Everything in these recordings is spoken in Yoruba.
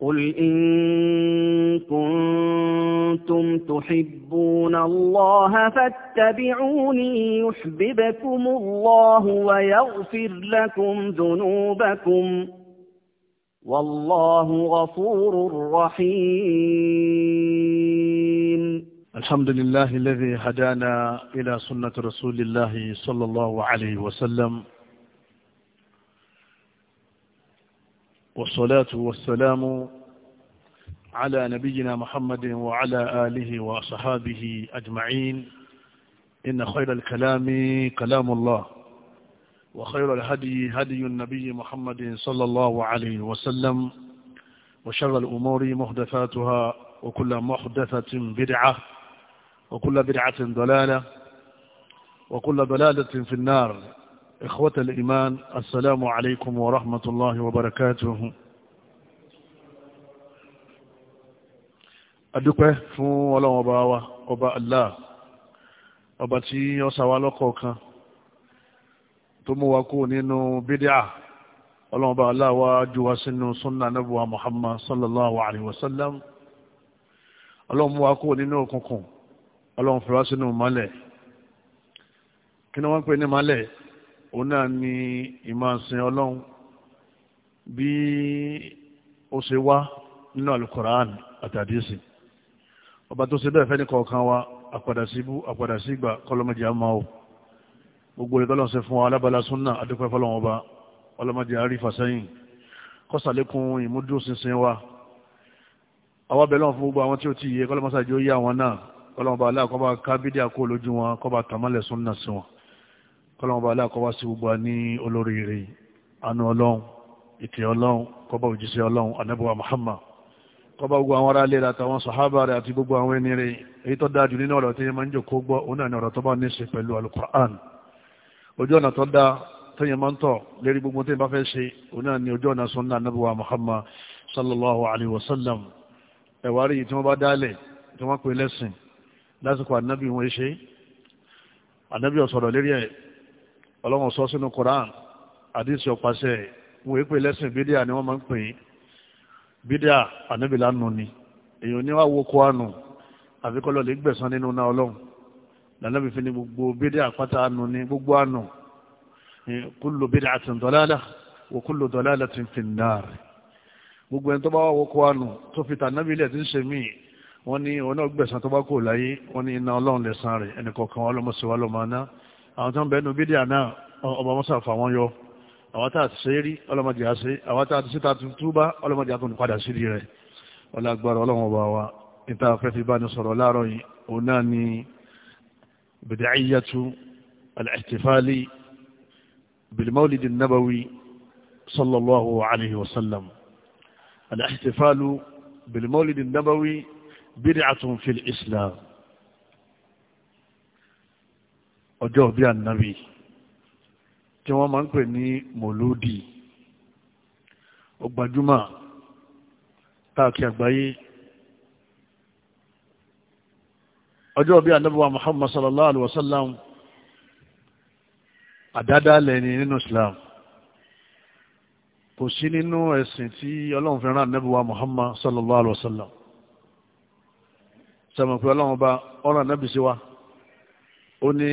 قل إن كنتم تحبون الله فاتبعوني يحببكم الله ويغفر لكم ذنوبكم والله غفور رحيم الحمد لله الذي هدانا إلى سنة رسول الله صلى الله عليه وسلم والصلاة والسلام على نبينا محمد وعلى آله وصحابه أجمعين إن خير الكلام كلام الله وخير الهدي هدي النبي محمد صلى الله عليه وسلم وشر الأمور محدثاتها وكل محدثة بدعة وكل بدعة ضلالة وكل ضلالة في النار إخوة الإيمان السلام عليكم ورحمة الله وبركاته adúpẹ́ fún ọlọ́run ọba wa ọba Allah ọba tí ó ṣà wá lọ́kọ̀ọ̀kan tó mú wa kú nínú bídíà ọlọ́run ọba Allah wá jù wá sínú súnà nàbùwà Muhammad sallallahu alayhi wa sallam ọlọ́run mú wa kú nínú òkùnkùn ọlọ́run fi wá sínú mọ́lẹ̀ kí ni wọ́n pè ní mọ́lẹ̀ òun náà ni ìmọ̀ọ́sìn ọlọ́run bí ó ṣe wá nínú alukoran àtàdísì ọba tó ṣe bẹ́ẹ̀ fẹ́ ní kọ̀ọ̀kan wa àpàdà síbú àpàdà sígbà kọlọ́mọdé àmà o gbogbo ìtọ́lọ́sẹ fún wa alábàlá súnà adúpẹ́ fọlọ́wọn ọba ọlọ́mọdé àrífà sẹ́yìn kọ́sàlékún ìmúdúróṣinṣin wa àwọn abẹ́lẹ́ wọn fún gbogbo àwọn tí ó ti yẹ kọ́lọ́mọsáàjì ó yá wọn náà kọ́lọ́mọba aláàkọ́bá kábídíà kó lójú wọn kọ́ba tàmálẹ̀ súnà sí wọn kọ́lọ́mọba aláàkọ́wá sí gbogbo ní olóríire anú ọlọ́run ìtì ọlọ́run kọ́bá òjíṣẹ́ ọlọ́run anábíwá Muhammad kọ́bá gbogbo àwọn ará lera àtàwọn sàhábà rẹ̀ àti gbogbo àwọn ẹni rẹ̀ èyí tó dáa jù nínú ọ̀rọ̀ tí yẹn máa ń jòkó gbọ́ òun náà ni ọ̀rọ̀ tó bá ní ṣe pẹ̀lú alukur'an ojú ọ̀nà tó dáa tó yẹn máa ń tọ̀ lérí gbogbo tó yẹn bá fẹ́ ṣe òun náà ni ojú ọ̀nà sunna anábíwá Muhammad sallallahu alayhi wa sallam ẹ̀wárí tí wọ́n bá dálẹ̀ tí wọ́n pè lẹ́sìn lásìkò anábì wọn ṣe anábì ọ̀sọ̀rọ̀ lérí ẹ̀ ọlọ́run sọ sínú koran àdìsí ọ̀pàṣẹ wọn èpè lẹ́sìn bídíà ni wọ́n máa ń pè é bídíà ànábìlà nù ni èèyàn ní wàá wo kóánù àfikọ́lọ́ lè gbẹ̀sán nínú náà ọlọ́run lànàbì fi ni gbogbo bídíà pátá nù ni gbogbo àánú kullu bid'atin dalalah wa kullu dalalatin fin nar gbogbo ẹni tó bá wà wo kóánù tó fi tànábìlẹ̀ tí ń ṣe míì wọ́n ní ọ̀nà gbẹ̀sán tó bá kò láyé wọ́n ní iná ọlọ́run lẹ̀sán rẹ̀ ẹnì kọ̀ọ̀kan ọlọ́mọṣẹ́wá lọ́mọ náà àwọn tó ń bẹnu bídíà náà ọba mọ́sá fà wọ́n yọ àwọn tá a ti ṣe é rí ọlọ́mọdé á ṣe àwọn tá a ti ṣe ta tuntun bá ọlọ́mọdé á tún padà sí rí rẹ̀ ọlágbára ọlọ́wọ́n ọba wa níta afẹ́fẹ́ bá ní sọ̀rọ̀ láàárọ̀ yìí òun náà ni bìdàáyàtú al-ihtifali bilmawlid an-nabawi sallallahu alayhi wa sallam al-ihtifalu bilmawlid an-nabawi bid'atun islam ọjọ́ bí ànábì tí wọ́n máa ń pè ní mòlódì ó gbajúmọ̀ káàkiri àgbáyé ọjọ́ bí ànábì wa Muhammad sallallahu alaihi wasallam àdádálẹ̀ ni nínú Islam kò sí nínú ẹ̀sìn tí ọlọ́run fi rán ànábì wa Muhammad sallallahu alaihi wasallam sọmọ pé ọlọ́run bá ọ̀rọ̀ ànábì sí wa ó ní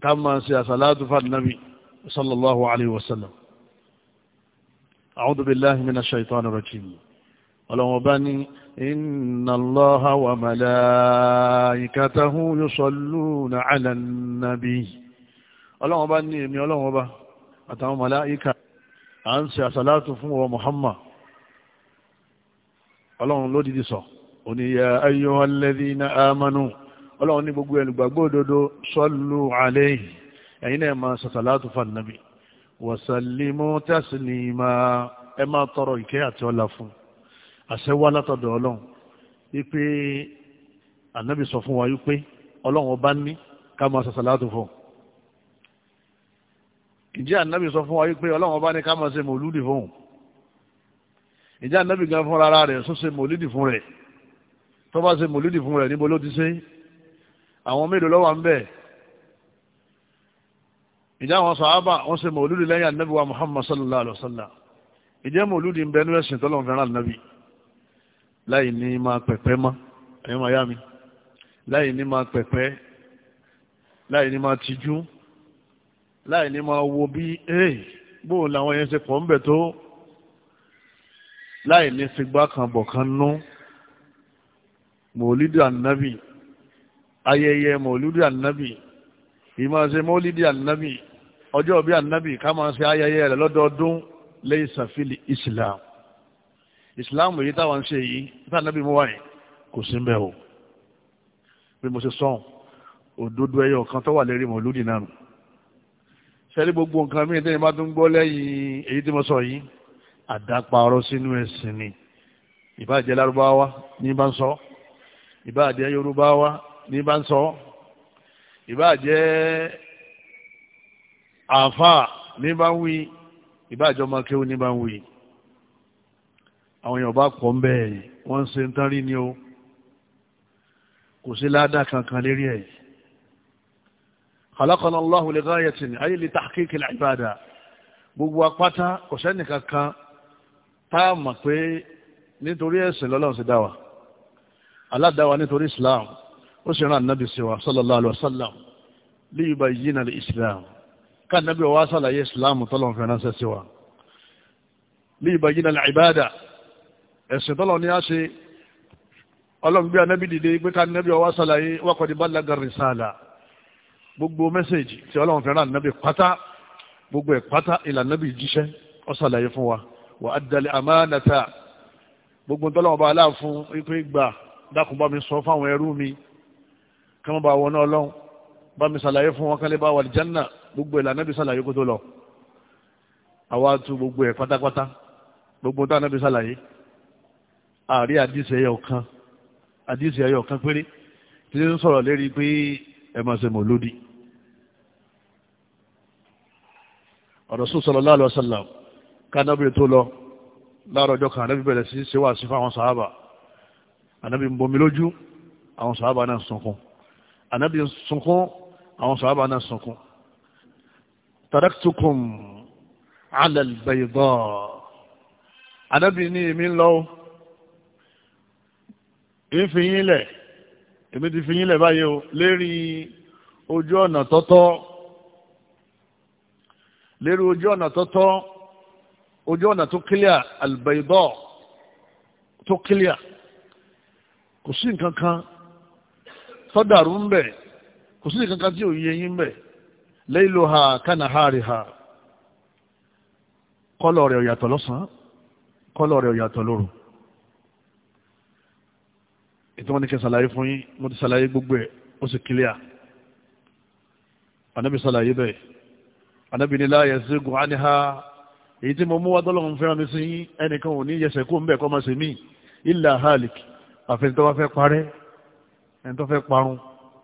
ká máa ṣe àsàlátù fún ànábì sallallahu alayhi wa sallam a'udhu billahi minash shaitani rajim ọlọ́wọ́n bá ní inna allaha wa malaikatahu yusalluna ala an-nabi ọlọ́wọ́n bá ní èmi ọlọ́wọ́n bá àtàwọn màláíkà à ń ṣe àsàlátù fún wa Muhammad ọlọ́run ló sọ ọlọ́run ní gbogbo ẹlùgbàgbọ́ òdodo sọ́lù alayhi ẹ̀yin náà máa sàtàlátù fànàbí wàsàlímù taslima ẹ máa tọrọ ìkẹ́ àti ọlá fún àṣẹwá látọ̀dọ̀ ọlọ́run wípé ànábì sọ fún wa wípé ọlọ́run ọba ní ká máa sàtàlátù fún ìjẹ́ ànábì sọ fún wa wípé ọlọ́run ọba ní ká máa ṣe mòlúdì fún ìjẹ́ ànábì gan fún rárá rẹ̀ sọ ṣe mòlúdì fún rẹ̀ tó bá ṣe mòlúdì fún rẹ̀ níbo ló ti ṣe àwọn mélòó ló wà ń bẹ̀ ìjà àwọn sàhábà wọ́n ṣe mọ̀lúdì lẹ́yìn ànábì wa muhammad sallallahu alaihi wa sallam ìjẹ́ mọ̀lúdì ń bẹ ní ẹ̀sìn tọ́lọ́run fẹ́ràn ànábì láì ní máa pẹ̀pẹ́ mọ́ ẹ̀yọ́ máa yá mi láì ní máa pẹ̀pẹ́ láì ní máa tijú láì ní máa wo bí ee eh, bóun làwọn yẹn ṣe pọ̀ ń bẹ̀ tó láì ní figbá kan bọ̀ kan nú mọ̀lúdì ànábì ayẹyẹ mọ̀lúdì ànábì ìmọ̀ọ́sẹ mọ́lídì ànábì ọjọ́ bí ànábì ká máa ṣe ayẹyẹ rẹ̀ lọ́dọọdún lẹ́yìn sàfílì islam islam èyí táwọn ń ṣe yìí tá ànábì mú wáyé kò sí mbẹ́ o bí mo ṣe sọ́n òdodo ẹyọ kan tó wà lérí mọ̀lúdì náà sẹ́rí gbogbo nǹkan mí tẹ́yìn bá tún gbọ́ lẹ́yìn èyí tí mo sọ yìí àdáparọ́ sínú ẹ̀sìn ni ìbáàjẹ́ lárúbáwá ní bá ń sọ ìbáàjẹ́ yorùbáwá ní bá ń sọ ìbá jẹ́ àáfàá ní bá ń wí ìbá àjọ ọmọ kéwú ní bá ń wí àwọn èèyàn bá pọ̀ ń bẹ́ẹ̀ wọ́n ń ṣe ń tán rí ni o kò sí ládàá kankan lérí ẹ̀ khalaqana Allahu li ghayatin ay li tahqiq al-ibada gbogbo apáta kò sẹ́nì kankan tá a mọ̀ pé nítorí ẹ̀sìn lọ́lọ́run sì dá wa nítorí Islam ó sì rán ànábì sí wa sallallahu alaihi wasallam li yubayyina al-islam ká ànábì wa sàlàyé islam tọ́lọ̀ fẹ́ ránṣẹ́ sí wa li yubayyina al-ibada ẹ̀sìn tọ́lọ̀ ní a ṣe ọlọ́gbé anábì dìde pé ká anábì ọwá sàlàyé wákọ̀dí bá lága rìsàlà gbogbo mẹ́sẹ̀jì tí ọlọ́run fẹ́ràn anábì pátá gbogbo ẹ̀ pátá ìlà anábì jíṣẹ́ ọ sàlàyé fún wa wà á dalẹ̀ àmánàta gbogbo tọ́lọ́run bá aláà fún ipe gbà sọ fáwọn ẹrú mi Kama bá wọná ọlọ́run bá mi ṣàlàyé fún wọn kán lè bá wà lìjánà gbogbo ẹ̀ lànàbí ṣàlàyé kó tó lọ àwa tu gbogbo ẹ̀ pátápátá gbogbo tá ànàbí ṣàlàyé àrí àdìsí ẹyọ kan àdìsí ẹyọ kan péré tí ń sọ̀rọ̀ lérí pé ẹ máa ṣe mọ̀lódì Rasul sallallahu alaihi wasallam kánábìrì tó lọ láàárọ̀ ọjọ́ kan ànábì bẹ̀rẹ̀ sí ṣe wá sí fáwọn sàhábà ànábì ń bomi lójú àwọn sàhábà náà sunkún ànábì sunkún àwọn sàhábà náà sunkún taraktukum ala albayda ànábì ní èmi ń lọ èmi fi yín lẹ̀ èmi ti fi yín lẹ̀ báyìí o lérí ojú ọ̀nà tọ́tọ́ lérí ojú ọ̀nà tọ́tọ́ ojú ọ̀nà tó kílíà albayda tó kílíà kò sí nǹkan kan sọ́dàrú ń mbẹ kò sí kankan tí ò yẹ yín ha layluha ha kọ́lọ̀ ha ọ̀yàtọ̀ lọ́sàn-án kọ́lọ̀ rẹ̀ ọ̀yàtọ̀ lóru ètò wọn ni kí n ṣàlàyé fún yín mo ti ṣàlàyé gbogbo ẹ̀ ó sì kílíà ànábì ṣàlàyé bẹ́ẹ̀ ànábì ní la yazigu anha èyí tí mo mú wá dọ́lọ́run fẹ́ràn mi sí yín ẹnìkan ò ní yẹsẹ̀ kó ń bẹ̀ kọ́ máa ṣe ẹni tó fẹ́ parun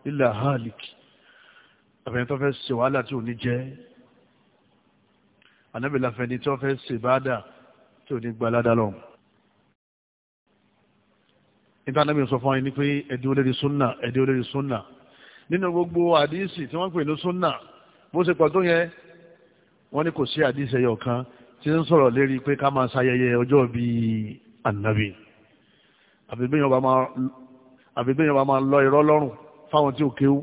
ilẹ̀ ahalik àbẹ̀yẹn tó fẹ́ ṣe wàhálà tí ò ní jẹ́ anábìlà fẹ́ni tó fẹ́ ṣe báàdà tí ò ní gba aládàá lọ. níta anábìlà sọ fún wa ni pé ẹ̀dí olórí súnà ẹ̀dí olórí súnà nínú gbogbo àdíìsì tí wọ́n pè ní súnà bó ṣe pọ̀ tó yẹn wọ́n ní kò sí àdíìsì ẹyọ kan tí ń sọ̀rọ̀ lérí pé ká máa ṣayẹyẹ ọjọ́ bíi ànábì àbí bí yọba máa àbí bẹ́ẹ̀ bá máa lọ irọ́ lọ́rùn fáwọn tí ò kéwú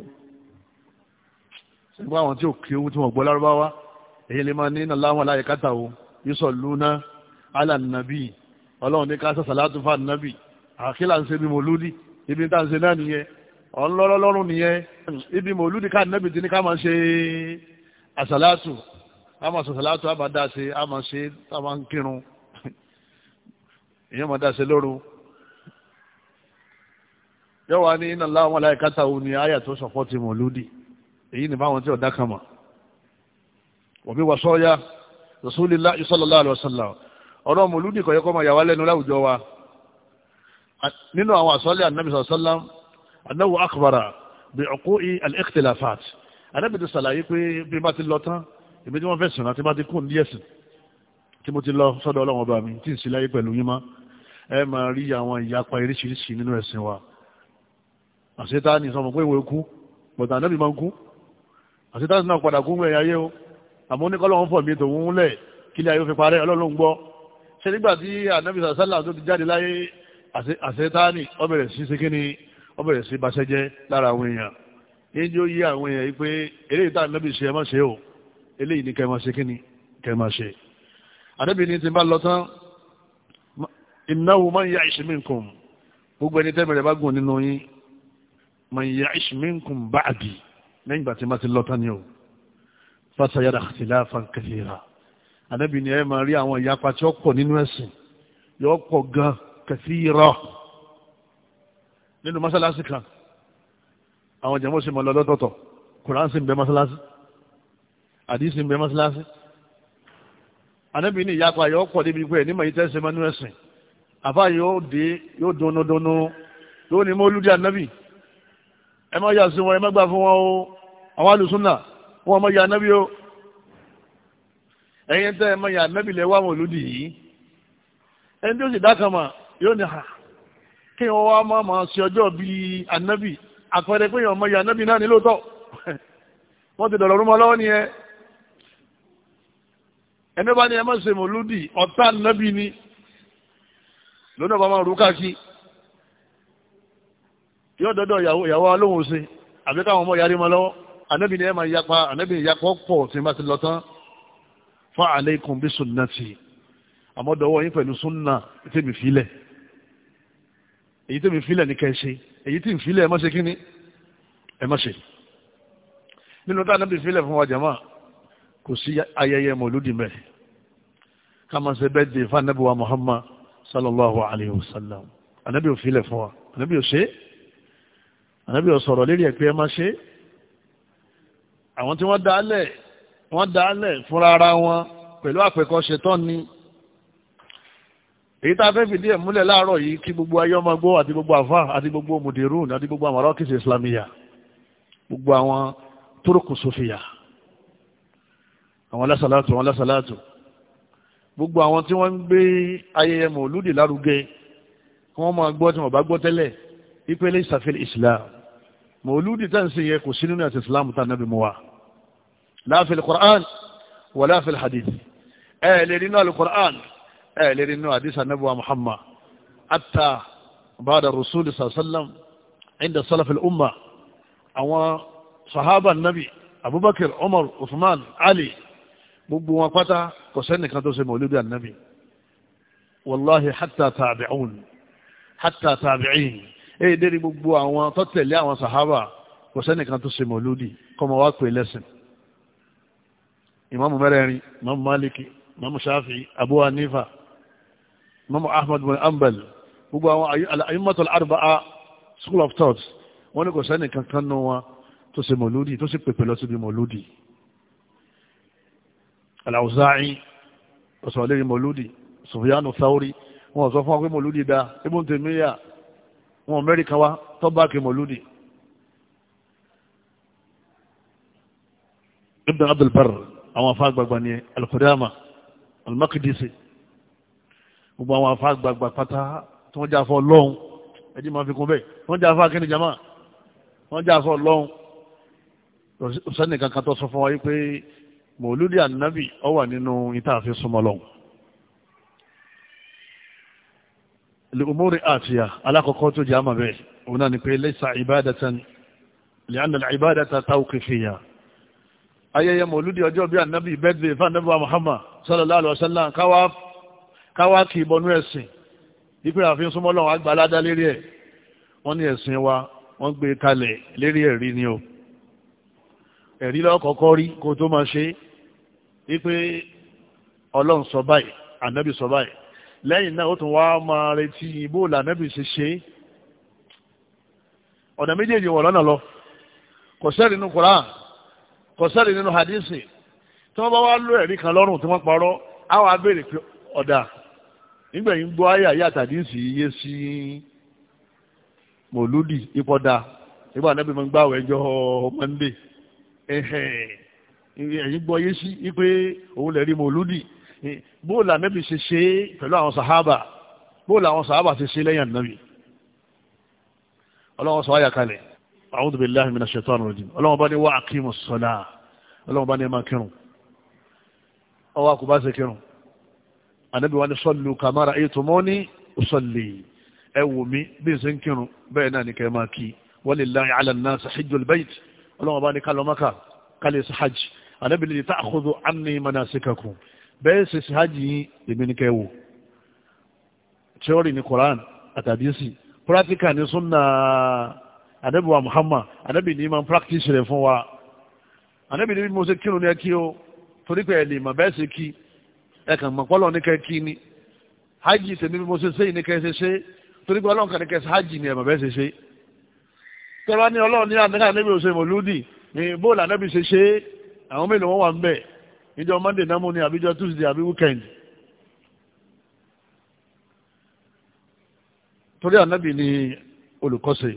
ṣùgbọ́n àwọn tí ò kéwú tí wọ́n gbọ́ lárúbáwá èyí lè máa ní iná láwọn aláìkáta o yíṣọ lúná alà nàbí ọlọ́run ní káṣà sàlátù fà nàbí àkílà ń ṣe bí mòlúdì ibi tá ń ṣe náà nìyẹn ọ̀n lọ́rùn nìyẹn ibi mòlúdì ká nàbí ti ní ká máa ṣe àsàlátù a máa sàsàlátù a máa dá ṣe a máa ṣe a máa kírun èèyàn máa dá ṣe lóru yóò wá ní iná láwọn aláìkáta òun ni àyà tó sọ̀pọ̀ ti mọ̀lúdì èyí ni báwọn tí ọ̀dá kan mọ̀ òbí wa sọ́ọ́yá rasulillah sallallahu alaihi wasallam ọ̀rọ̀ mọ̀lúdì kò yẹ kó máa yà wá lẹ́nu láwùjọ wa nínú àwọn àsọ́lẹ̀ anabi sallam anáwó akbara bí uqu'i al-ikhtilafat anábì ti sàlàyé pé bí bá ti lọ tán èmi tí wọ́n fẹ́ sùn àti bá ti kún ní ẹ̀sìn tí mo ti lọ sọ́dọ̀ ọlọ́run ọba mi tí ń sí láyé pẹ̀lú yín mọ́ ẹ máa rí àwọn ìyapa oríṣiríṣi nínú ẹ̀sìn wa àṣetáni sọmọ pé ìwé kú bọ̀tà ànábì máa ń kú àṣetáni náà padà kú mẹ́rin ayé o àmọ́ oníkọ́lọ́ ń fọ̀ mí tòun lẹ̀ kí ilé ayé fi parẹ́ ọlọ́run gbọ́ ṣe nígbà tí ànábì sàṣálà tó ti jáde láyé àṣetáni ọbẹ̀rẹ̀ sí ṣe kíni ọbẹ̀rẹ̀ sí baṣẹ́ jẹ́ lára àwọn èèyàn yín tí yí àwọn èèyàn yìí pé eléyìí tá ànábì ṣe ẹ ṣe o eléyìí ni kẹ́ máa ṣe kíni kẹ́ máa ṣe ànábì ni ti bá lọ tán innahu man ya'ish minkum gbogbo ẹni tẹ́mẹ̀rẹ̀ bá gùn nínú yín man ya'ish minkum ba'di lẹ́yìn ìgbà tí ma ti lọ́tàn ni o fasayara ikhtilafan kathira anábì ni ẹ máa rí àwọn ìyapa tí ó pọ̀ nínú ẹ̀sìn yóò pọ̀ gan kathira nínú mọ́sálásí kan àwọn jẹ́mọ́ sì mọ̀ lọ lọ́tọ̀ọ̀tọ̀ kùrán sì ń bẹ mọ́sálásí àdìsí ń bẹ mọ́sálásí anábì ni ìyapa yóò pọ̀ débi pé nímọ̀ yìí tẹ́sí mọ́nú ẹ̀sìn àbá yóò dé yóò dúnúdúnú yóò ní mọ́lúdí anábì ẹ má yà sí wọn ẹ má gbà fún wọn o àwọn alùsùnà wọn má yà ànábì o ẹ̀yin tẹ́ ẹ má yà ànábì lẹ wá mọ̀lúdì yìí ẹni tó sì dákan mà yóò ní ha kí wọn wá má máa ṣe ọjọ́ bíi ànábì àpẹẹrẹ pé yàn má yà ànábì náà ní lóòótọ́ wọ́n ti dọ̀rọ̀ rúmọ lọ́wọ́ ni ẹ ẹni bá ní ẹ má ṣe mọ̀lúdì ọ̀tá ànábì ni lónà bá máa rú káàkiri yóò dọ́dọ̀ ìyàwó alóhùn sí àbí káwọn ọmọ yarí mọ́ lọ́wọ́ anábì ni ẹ máa yapa anábì yapọ̀ pọ̀ tí bá ti lọ tán fa aleikum bí sunnati àmọ́ dọ̀wọ́ yín pẹ̀lú sunna tèmi filẹ̀ èyí tèmi filẹ̀ ní kẹ́ẹ̀ṣe èyí tí ń filẹ̀ ẹ má ṣe kíní ẹ má ṣe nínú tá anábì filẹ̀ fún wa jama kò sí ayẹyẹ mọ̀lúdì mẹ́ ká máa ṣe bẹ́ẹ̀ dè fún anábì wa Muhammad sallallahu alayhi wa sallam anábì filẹ̀ fún wa anábì ṣe ànábì ọ̀sọ̀rọ̀ lérí ẹ̀ pé ẹ má ṣe àwọn tí wọ́n dálẹ̀ wọ́n dálẹ̀ fúnra ara wọn pẹ̀lú àpẹkọ ṣetán ni èyí tá a fẹ́ fìdí ẹ̀ múlẹ̀ láàárọ̀ yìí kí gbogbo ayé ọmọ gbọ́ àti gbogbo àfà àti gbogbo mùdírùn àti gbogbo àmàrọ́ kìsì islamiyà gbogbo àwọn tórókù sófìyà àwọn lásàlátù àwọn lásàlátù gbogbo àwọn tí wọ́n ń gbé ayẹyẹ mọ̀lúdì lárugẹ wọ́n máa gbọ́ tí wọ́n bá gbọ́ tẹ́lẹ̀ ìpele ìsàfihàn islam mọ̀lúdì tẹ́ ń sin yẹ kò sí nínú ẹ̀sìn islam tá nábì mú wa láàfin quran wà láàfin hadith ẹ lè nínú alukur'an ẹ lè nínú hadith anábíwa muhammad hatta bada rasul sallam inda salafin umma àwọn sahaba nabi abubakar umar usman ali gbogbo wọn pátá kò sẹ́nìkan tó ṣe mọ̀lúdì annabi wallahi hatta tabi'un hatta tabi'in èdè ni gbogbo àwọn tó tẹ̀lé àwọn sàhábà kò sẹ́nìkan tó ṣe mọ̀lúdì kọ́mọ wá pè lẹ́sìn ìmáàmù mẹ́rẹ̀ẹ̀rin ìmáàmù Máliki ìmáàmù Ṣáfi'í Abu Hanifa ìmáàmù Ahmad bin Ambal gbogbo àwọn al-a'immatul arba'a school of thought wọ́n ní kò sẹ́nìkan kan nù wọn tó ṣe mọ̀lúdì tó sì pèpè lọ síbi mọ̀lúdì al-Awza'i ọ̀sọ̀lẹ́rin mọ̀lúdì Sufyanu Thawri wọn sọ fún wa pé mọ̀lúdì dáa ibùn tèmíyà wọn amẹ́ríkà wa tó bá kí mọ̀lúdì ibn abdulbar àwọn afá gbagba ni alkudama almakidisi gbogbo àwọn afá gbagba pátá tí wọ́n jáfọ́ lọ́hun ẹjí ma fi kún bẹ́ẹ̀ wọ́n jáfọ́ akíní jama wọ́n jáfọ́ lọ́hun òsánì kankan tó sọ fún wa yí pé mọ̀lúdì ànábì ó wà nínú ìtàfi súnmọ́ lọ́hun lèmúrí àtìyà alákọ̀ọ́kọ́ tó jẹ́ àmàbẹ̀ òun náà ni pé lẹ́sà ìbádatan lẹ́yìn ìbádata tawqifiyya ayẹyẹ mọ̀lúdí ọjọ́ bí annabi bẹ́ẹ̀dẹ̀ fánàbà Muhammad sallallahu alaihi wasallam káwá kì í bọnú ẹ̀sìn ipe àfihàn súnmọ́ lọ́wọ́ àgbà aládá lérí ẹ̀ wọ́n ní ẹ̀sìn wa wọ́n gbé kalẹ̀ lérí ẹ̀rí ni o ẹ̀rí lọ́kọ̀ọ́kọ́ rí kó tó máa ṣe ipe ọlọ́run sọ báyìí annabi sọ báyìí lẹ́yìn náà ó tún wá máa retí ibò lànàbì ṣe ṣe ọ̀nà méjèèjì wọ̀ lọ́nà lọ kò sẹ́rì nínú Qur'an kò sẹ́rì nínú hadisi tí wọ́n bá wá lọ ẹ̀rí kan lọ́rùn tí wọ́n parọ́ àwọn abéèrè pé ọ̀dà nígbẹ̀yìn gbọ́ ayé àyè àtàdísì yé sí mòlúdì ipọ́dà nígbà náà bí mo ń gbà wẹ́jọ́ Monday ẹ̀yìn gbọ́ yé sí wípé òun lè rí mòlúdì bóòlù ànábì ṣe ṣe pẹ̀lú àwọn sàhábà bóòlù àwọn sàhábà ṣe ṣe lẹ́yìn ànábì ọlọ́wọ́ sọ ayà kalẹ̀ a'udhu billahi minash shaitanir rajim ọlọ́wọ́ bá ní wá aqimus salah ọlọ́wọ́ bá ní ẹmà kírun ọwọ́ kò bá ṣe kírun ànábì wá ní sallu kama ra'aytumuni usalli ẹ wò mí bí n ṣe ń kírun bẹ́ẹ̀ náà ní kẹ́ máa kí walillahi 'ala an-nasi ọlọ́wọ́ bá ní kálọ́ maka kálẹ̀ sí hajj ànábì ní ta'khudhu anni manasikakum bẹ́ẹ̀ ṣe ṣe hajj yín èmi ni kẹ́ wò tíọ́rì ní Quran àtàdísì practical ní sunna anabi Muhammad anabi ní ma practice rẹ̀ fún wa anabi ní mo ṣe kírun ní ẹkí o torí pé ẹ̀lì mà bẹ́ẹ̀ ṣe kí ẹ̀kàn mọ̀pọ́lọ̀ ní kẹ́ ni hajj tèmi bí mo ṣe ṣe ní kẹ́ ṣe ṣe torí pé ọlọ́run kan ní kẹ́ hajj ni ẹ̀mà bẹ́ẹ̀ ṣe ṣe tẹ́wá ní ọlọ́run ní anabi ò ṣe mọ̀lúdì ní bóòlù anabi ṣe ṣe àwọn mélòó wọn wà ń bẹ́ẹ̀ ìjọ monday náà mú ní àbíjọ tuesday àbí weekend torí ànábì ni olùkọ́sẹ̀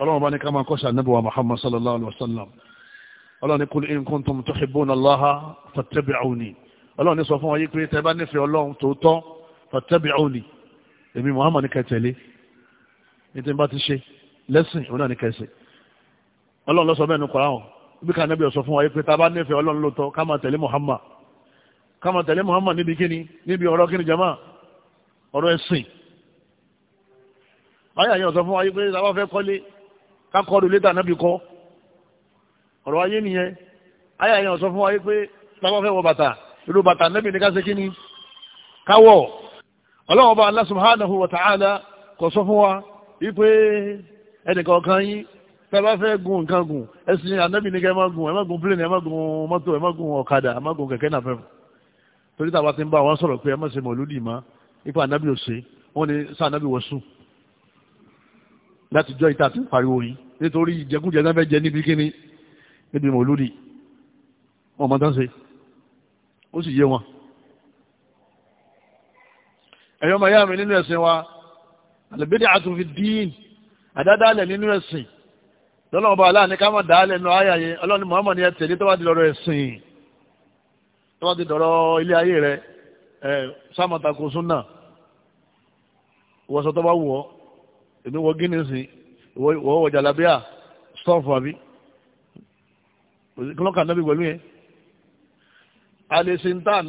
ọlọ́run bá ní ká máa kọ́sẹ̀ ànábì wa muhammad sallallahu alaihi wasallam ọlọ́run ní kul in kuntum tuhibbuna allaha fattabi'uni ọlọ́run ní sọ fún wa yí pé tẹ́ bá nífẹ̀ẹ́ ọlọ́run tòótọ́ fattabi'uni èmi muhammad ní kẹtẹ̀lé ní tí n bá ti ṣe lẹ́sìn òun náà ní kẹsẹ̀ ọlọ́run ló bí ká nẹ́bí ọ̀sọ̀ fún wa pé tábà nífẹ̀ẹ́ ọlọ́run ló tọ́ ká máa tẹ̀lé Muhammad ká máa tẹ̀lé Muhammad níbi kíni níbi ọ̀rọ̀ kíni jama ọ̀rọ̀ ẹ̀sìn ayé àyè ọ̀sọ̀ fún wa pé tábà fẹ́ kọ́lé ká kọ́ ọdún létà nẹ́bí kọ́ ọ̀rọ̀ ayé nìyẹn ayé àyè ọ̀sọ̀ fún wa pé tábà fẹ́ wọ bàtà irú bàtà nẹ́bí ni ká ṣe kíni káwọ̀ ọlọ́run ọba Allah subhanahu wa ta'ala kò sọ fún wa wípé ẹnìkan kan yín tẹ́lá fẹ́ gun nǹkan gùn ẹ̀sìn ànábì ní kẹ́ ẹ má gun ẹ má gun plane ẹ má gun mọ́tò ẹ má gun ọ̀kadà ẹ má gun kẹ̀kẹ́ náà fẹ́ràn torí tàbá ti ń bá wọn sọ̀rọ̀ pé ẹ má ṣe mọ̀lúdì mọ́ ipò ànábì ò ṣe wọ́n ní sá ànábì wọ̀ sùn láti jọ ìta àti pariwo yìí nítorí ìjẹkújẹ náà fẹ́ jẹ níbi kíní níbi mọ̀lúdì wọn mọ̀ tán ṣe ó sì yé wọn. ẹ̀yọ́ màyá mi nínú ẹ̀sìn wa àlùbídà àtúnfi dín àdádálẹ̀ nínú ẹ̀sìn lọ́lọ́wọ́ bá aláàní ká mọ̀ dá lẹ́nu ayáyé ọlọ́ni ni ẹ tẹ̀lé tó bá ẹ̀sìn tó bá dọ̀rọ̀ ilé ayé rẹ ẹ sámọ̀tàkù súnà ìwọ̀sọ̀ tó bá wù ọ́ èmi wọ gíní sí ìwọ wọ jàlábíà stọ́ọ̀fù àbí nábì pẹ̀lú yẹn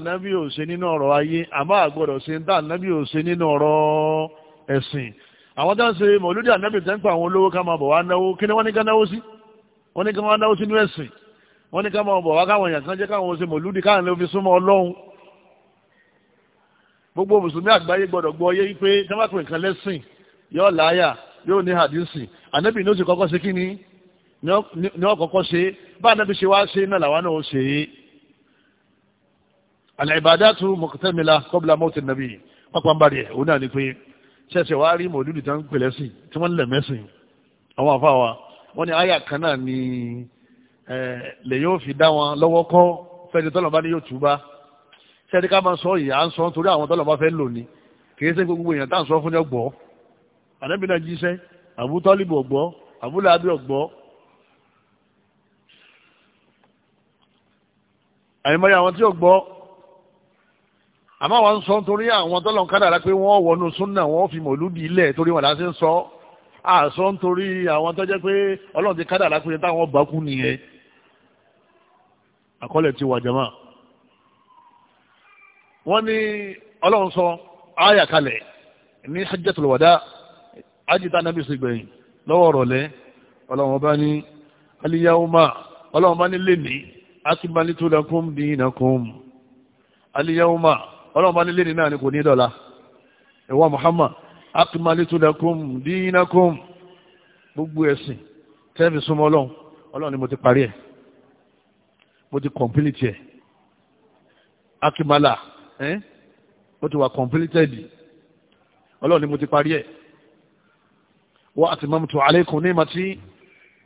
nábì nínú ọ̀rọ̀ ayé àmọ́ àgbọ̀dọ̀ àwọn tó ń ṣe mọ̀lúdí ànábì tẹ́ ń pa àwọn olówó ká máa bọ̀ wá náwó kí ni wọ́n ní ká náwó sí wọ́n ní ká máa náwó sínú ẹ̀sìn wọ́n ní ká máa bọ̀ wá káwọn èèyàn kan jẹ́ káwọn ṣe mọ̀lúdí káwọn lè fi súnmọ́ ọlọ́run gbogbo mùsùlùmí àgbáyé gbọ́dọ̀ gbọ́ yé pé tẹ́wàpẹ̀ nǹkan lẹ́sìn yóò láyà yóò ní àdínsì ànábì ní ó sì kọ́kọ́ ṣe kí ni ní ó kọ́kọ́ ṣe bá ànábì ṣe wá ṣe náà làwọn náà ṣe é al-ibadatu muqtamila qabla mawti an-nabi pápá ń bá rẹ̀ òun náà ni pé ṣẹ̀ṣẹ̀ wá rí mòlúdì tó ń pè lẹ́sìn tí wọ́n lẹ̀ mẹ́sìn àwọn àfa wa wọ́n ní àyà kan náà ni lè yóò fi dá wọn lọ́wọ́ kọ́ fẹ́ni tọ́lọ̀ bá ní yóò túbá ṣẹ́ni ká máa sọ yìí à ń sọ nítorí àwọn tọ́lọ̀ bá fẹ́ lò ní kì í ṣe gbogbo èèyàn tá à ń sọ fún ní ọgbọ́ ànábì náà jíṣẹ́ àbútọ́lìbù ọgbọ́ àbúláàbí ọgbọ́ àyèmọ́yà àwọn tí ọgbọ́ àmọ́ wọn sọ torí àwọn tọ́lọ̀ ń kádàrá pé wọ́n wọnú súnà wọ́n fi mọ̀lúdì ilẹ̀ torí wọn láti ń sọ àsọ nítorí àwọn tó jẹ́ pé ọlọ́run ti kádàrá pé táwọn bá kú nìyẹn àkọlẹ̀ ti wà jama wọ́n ní ọlọ́run sọ áyà kalẹ̀ ní hajjatul wada ajita nabi sigbẹ̀yìn lọ́wọ́ rọ̀lẹ́ ọlọ́run bá ní aliyahuma ọlọ́run bá ní lè ní akimalitulakum dinakum aliyahuma ọlọ́ọ̀bá nílé ní náà ni kò ní dọ̀la ìwọ Muhammad akimalitu lakum dinakum gbogbo ẹ̀sìn tẹ́ẹ̀fì súnmọ́ ọlọ́run ọlọ́run ni mo ti parí ẹ̀ mo ti kọ̀mpilìtì ẹ̀ akimala ẹ́ mo ti wà kọ̀mpilìtẹ̀dì ọlọ́run ni mo ti parí ẹ̀ wa atmamtu alaykum ni'mati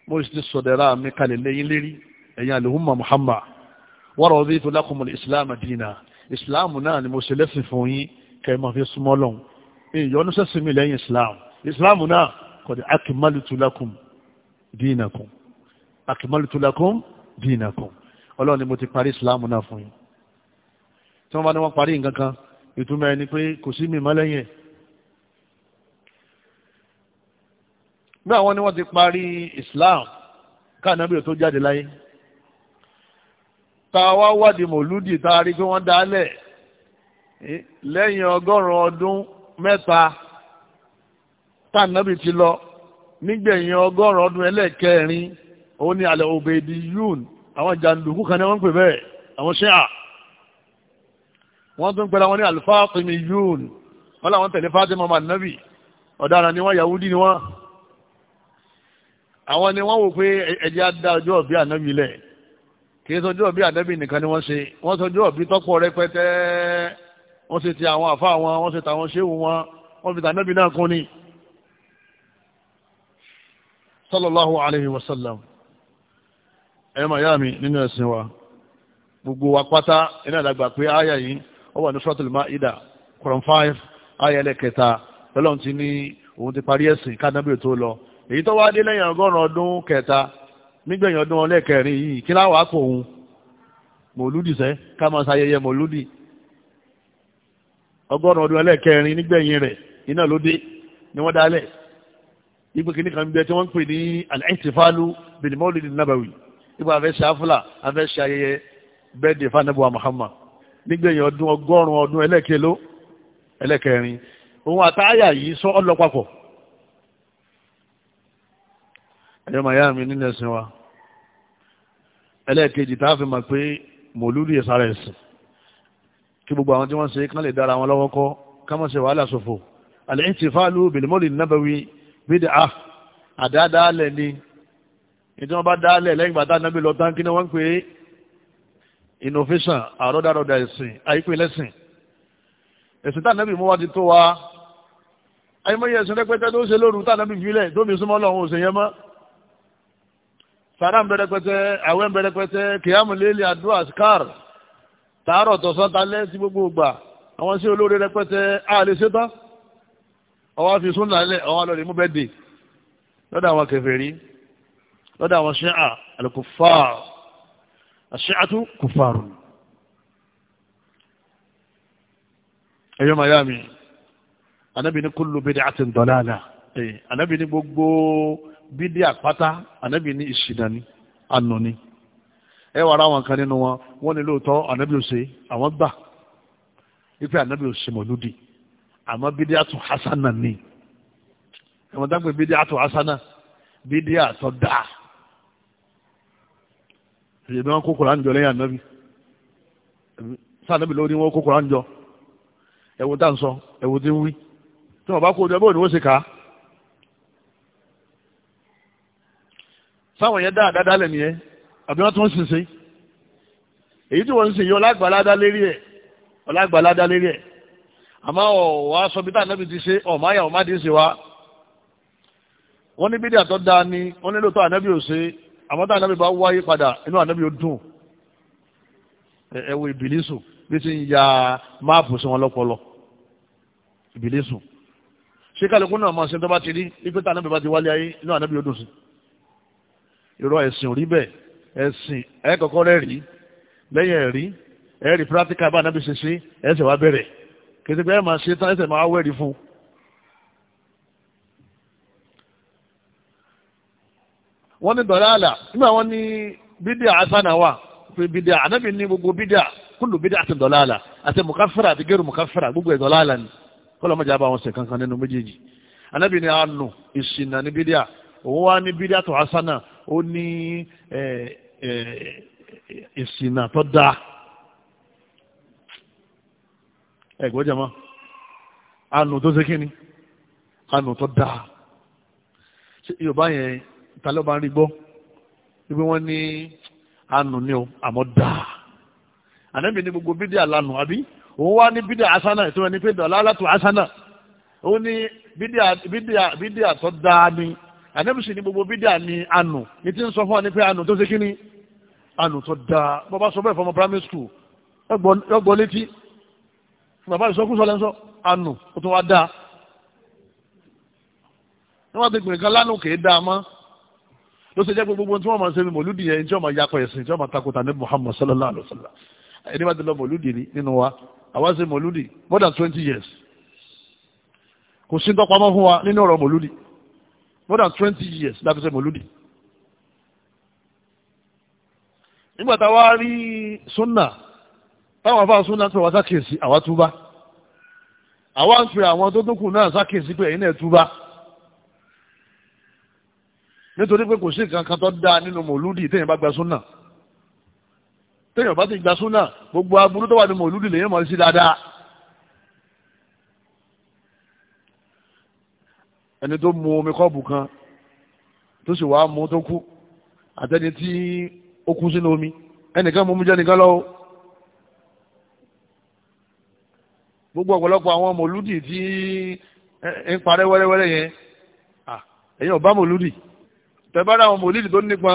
mo ti sọ̀dẹ̀ra mi kalẹ̀ lẹ́yìn lérí ẹ̀yìn àlùhùmà Muhammad wa raditu lakumul islam dina ìsìláàmù náà ni mo ṣe lẹ́sìn fún yín kẹ́ ẹ máa fi súnmọ́ lọ́hùn ìyọnu sẹ́sìn mi lẹ́yìn ìsìláàmù ìsìláàmù náà kò dé akimalutu lakum dinakum akimalutu lakum dinakum ọlọ́run ni mo ti parí ìsìláàmù náà fún yín tí wọ́n bá ní wọ́n parí nǹkan kan ìtumọ̀ ẹni pé kò sí mi mọ́ lẹ́yìn ẹ̀ àwọn ni wọ́n ti parí ìsìláàmù káà nábìrì tó jáde láyé ta wá wádìí mòlúdì ta rí pé wọ́n dálẹ̀ lẹ́yìn ọgọ́rùn-ún ọdún mẹ́ta tànàbì ti lọ nígbẹ̀yìn ọgọ́rùn-ún ọdún ẹlẹ́ẹ̀kẹrin òun ni alẹ́ òbèdì yún àwọn jàǹdùkú kan ní wọ́n ń pè bẹ́ẹ̀ àwọn ṣẹ́à wọ́n tún pẹ̀lú àwọn ní alifáàtìmì yún wọ́n láwọn tẹ̀lé fátímọ̀ mànàbì ọ̀daràn ni wọ́n yahudi ni wọ́n àwọn ni wọ́n wò pé ẹ̀jẹ̀ adá ọjọ́ ọ̀bí ànábì lẹ̀ kì í sọjọ́ bí ànábì nìkan ni wọ́n ṣe wọ́n sọjọ́ bí tọ́pọ̀ rẹpẹtẹ wọ́n ṣe ti àwọn àfa wọn wọ́n ṣe tàwọn ṣéwù wọn wọ́n fi tànábì náà kún ni. sallallahu alayhi wa sallam ẹ máa yá mi nínú ẹ̀sìn wa gbogbo wa pátá iná ìdàgbà pé àyà yìí ó wà ní suratul Maida Quran five àyà ẹlẹ́kẹta lọ́lọ́run ti ní òun ti parí ẹ̀sìn kánábì tó lọ èyí tó wá dé lẹ́yìn ọgọ́rùn-ún ọdún kẹta nígbẹ̀yìn ọdún ọlẹ́kẹrin yìí kí láwàá kò òun mòlúdì sẹ́ ká máa ṣayẹyẹ mòlúdì ọgọ́rùn ọdún ẹlẹ́ẹ̀kẹrin nígbẹ̀yìn rẹ̀ iná ló dé ni wọ́n dálẹ̀ ipò kìíní kan bẹ tí wọ́n ń pè ní al-ihtifalu bil mawlid ipò afẹ́ ṣàfùlà afẹ́ ṣayẹyẹ bẹ́ẹ̀dẹ̀ fanabu Muhammad nígbẹ̀yìn ọdún ọgọ́rùn ọdún ẹlẹ́ẹ̀kẹló ẹlẹ́ẹ̀kẹrin òun àtàyà ọlọ́pàpọ̀ ẹ̀yọ́ màá yá mi nílẹ̀ ẹ̀sìn wa ẹlẹ́ẹ̀kejì tá a fi mọ̀ pé mòlúdì ìsára ẹ̀sìn kí gbogbo àwọn tí wọ́n ṣe kán lè dára wọn lọ́wọ́ kọ́ ká mọ̀ ṣe wàhálà ṣòfò àlẹ́ ìtìfáàlù bìlímọ́lì nàbẹ̀wì bídà á àdáadáalẹ̀ ni ìdí wọn bá dáalẹ̀ lẹ́yìn bàtà nàbí lọ tán kí ni wọ́n ń pè é innovation àrọ́dàrọ́dà ẹ̀sìn àyípẹ́ lẹ́sìn ẹ̀sìn tá nàbí mú wá ti tó wa àyímọ̀yẹ ẹ̀sìn rẹpẹtẹ tó ṣe lóru tá nàbí fílẹ̀ tó fi súnmọ́ lọ́hùn òṣèyẹn mọ́ sàrà ń bẹ̀rẹ̀ pẹ́tẹ́ àwẹ̀ ń bẹ̀rẹ̀ pẹ́tẹ́ kìyàmù lélẹ̀ àdúrà skar tààrọ̀ tọ̀sán talẹ́ sí gbogbo ìgbà àwọn sí olóore rẹpẹ́tẹ́ àlè sétá ọwọ́ fi sún lálẹ́ ọwọ́ lọ́rẹ̀ mú bẹ́ẹ̀dì lọ́dọ̀ àwọn kèfèrí bídí àpáta ànábì ní ìṣìnà ni ànà ni ẹ wà ra àwọn kan nínú wọn wọn ni lóòótọ́ ànábì ò ṣe àwọn gbà wípé ànábì ò ṣe mọ̀lúdì àmọ́ bídí àtún hasana ni ẹ̀wọ̀n dágbé bídí àtún hasana bídí àtọ́ dáa èyí ni wọ́n kó kòrán jọ lẹ́yìn ànábì sáànábì ló ní wọ́n kó kòrán jọ ẹ̀wọ̀n tá à ń sọ ẹ̀wọ̀n tí ń wí tí wọ́n bá kó jọ bóyá ni wọ́n ṣe kàá. sáwọn yẹn dáadáa dálẹ̀ nìyẹn àbí wọ́n tún ń sìn sí èyí tí wọ́n ń sìn yọ ọlágbàládá lérí ẹ̀ ọlágbàládá lérí ẹ̀ àmọ́ ọ̀wá sọ bí táà nẹ́bi ti ṣe ọ̀máyà ọ̀má ti ṣe wa wọ́n ní bídíà tó dáa ni wọ́n nílò tó ànẹ́bí ò ṣe àmọ́ táà nẹ́bi bá wáyé padà inú ànẹ́bí ó dùn ẹ̀wọ̀ ìbìlísù bí ti ń ya máàpù sí wọn lọ́pọlọ ìbìlísù ṣé kálukú náà máa ṣe tó bá ti rí ipé táà nẹ́bi bá ti wálé ayé inú ànẹ́bí ó dùn sí i irọ́ ẹ̀sìn ò rí bẹ́ẹ̀ ẹ̀sìn ẹ̀ kọ́kọ́ rẹ̀ rí lẹ́yìn ẹ̀rí ẹ̀rí pírátíkà bá anábì ṣe ṣe ẹ̀sẹ̀ wá bẹ̀rẹ̀ kété pé ẹ̀ máa ṣe tán ẹ̀sẹ̀ máa wẹ̀rí fún un. wọ́n ní dọ̀rẹ́ àlà nígbà wọ́n ní bídíà asánà wà pé bídíà anábì ní gbogbo bídíà kúlù bídíà àti dọ̀rẹ́ àlà àti mùkáfẹ́rà àti gẹ́rù mùkáfẹ́rà gbogbo ẹ̀ àlà ni kọ́lọ́ mọ́jà bá wọn ṣe kankan nínú méjèèjì anábì ní àánú ìṣìnà ní bídíà òun wá ní bídíà tó asánà ó ní ìsìnà tó dáa ẹ̀gbọ́n jẹ́ mọ́ àánú tó ṣe kíni àánú tó dáa ṣé yorùbá yẹn ìtàlẹ́ ọba rí ni o àmọ́ gbogbo bídíà àbí òun wá ní bídíà asana ìtumọ̀ ní pé dọ̀lá látò ó ní bídíà tó ni. ànẹ́bùsì ní gbogbo bídà ni ànù ní tí ń sọ fún ọ ní pé ànù tó ṣe kí ni ànù tó dáa bọ́ bá sọ bẹ́ẹ̀ fọmọ primary school ọgbọ́n létí bàbá ìsọkúsọ lẹ́sọ ànù ó tún wá dáa wọ́n ti gbìn kan lánàá kì í dáa mọ́ ló ṣe jẹ́ pé gbogbo tí wọ́n máa ṣe ní mòlúdì yẹn tí wọ́n máa yakọ̀ ẹ̀sìn tí wọ́n máa takùtà ní Muhammad sallallahu alayhi wa sallam ẹni bá ti lọ mòlúdì rí nínú wa àwa ṣe mòlúdì more than twenty years kò sí tọpamọ́ fún wa nínú ọ̀rọ̀ mòlúdì more than twenty years láti ṣe mọ̀lúdì nígbà tá a wá rí súnà táwọn afáà súnà tó wá sákèsí àwa túbá àwa ń pe àwọn tó dúnkù náà sákèsí pé ẹ̀yin náà túbá nítorí pé kò sí nǹkan kan tó dáa nínú mòlúdì téèyàn bá gba súnà téèyàn bá ti gba súnà gbogbo aburú tó wà ní mòlúdì lèyìn mọ̀ sí dáadáa ẹni tó mu omi kọ́ọ̀bù kan tó sì wàá mu tó kú àtẹni tí ó kú sínú omi ẹnìkan mú mi jẹ́ nìkan lọ́wọ́ gbogbo ọ̀pọ̀lọpọ̀ àwọn mòlúdì tí ń parẹ́ wẹ́rẹ́wẹ́rẹ́ yẹn ẹ̀yin ọba mòlúdì tẹ̀bára àwọn mòlúdì tó nípa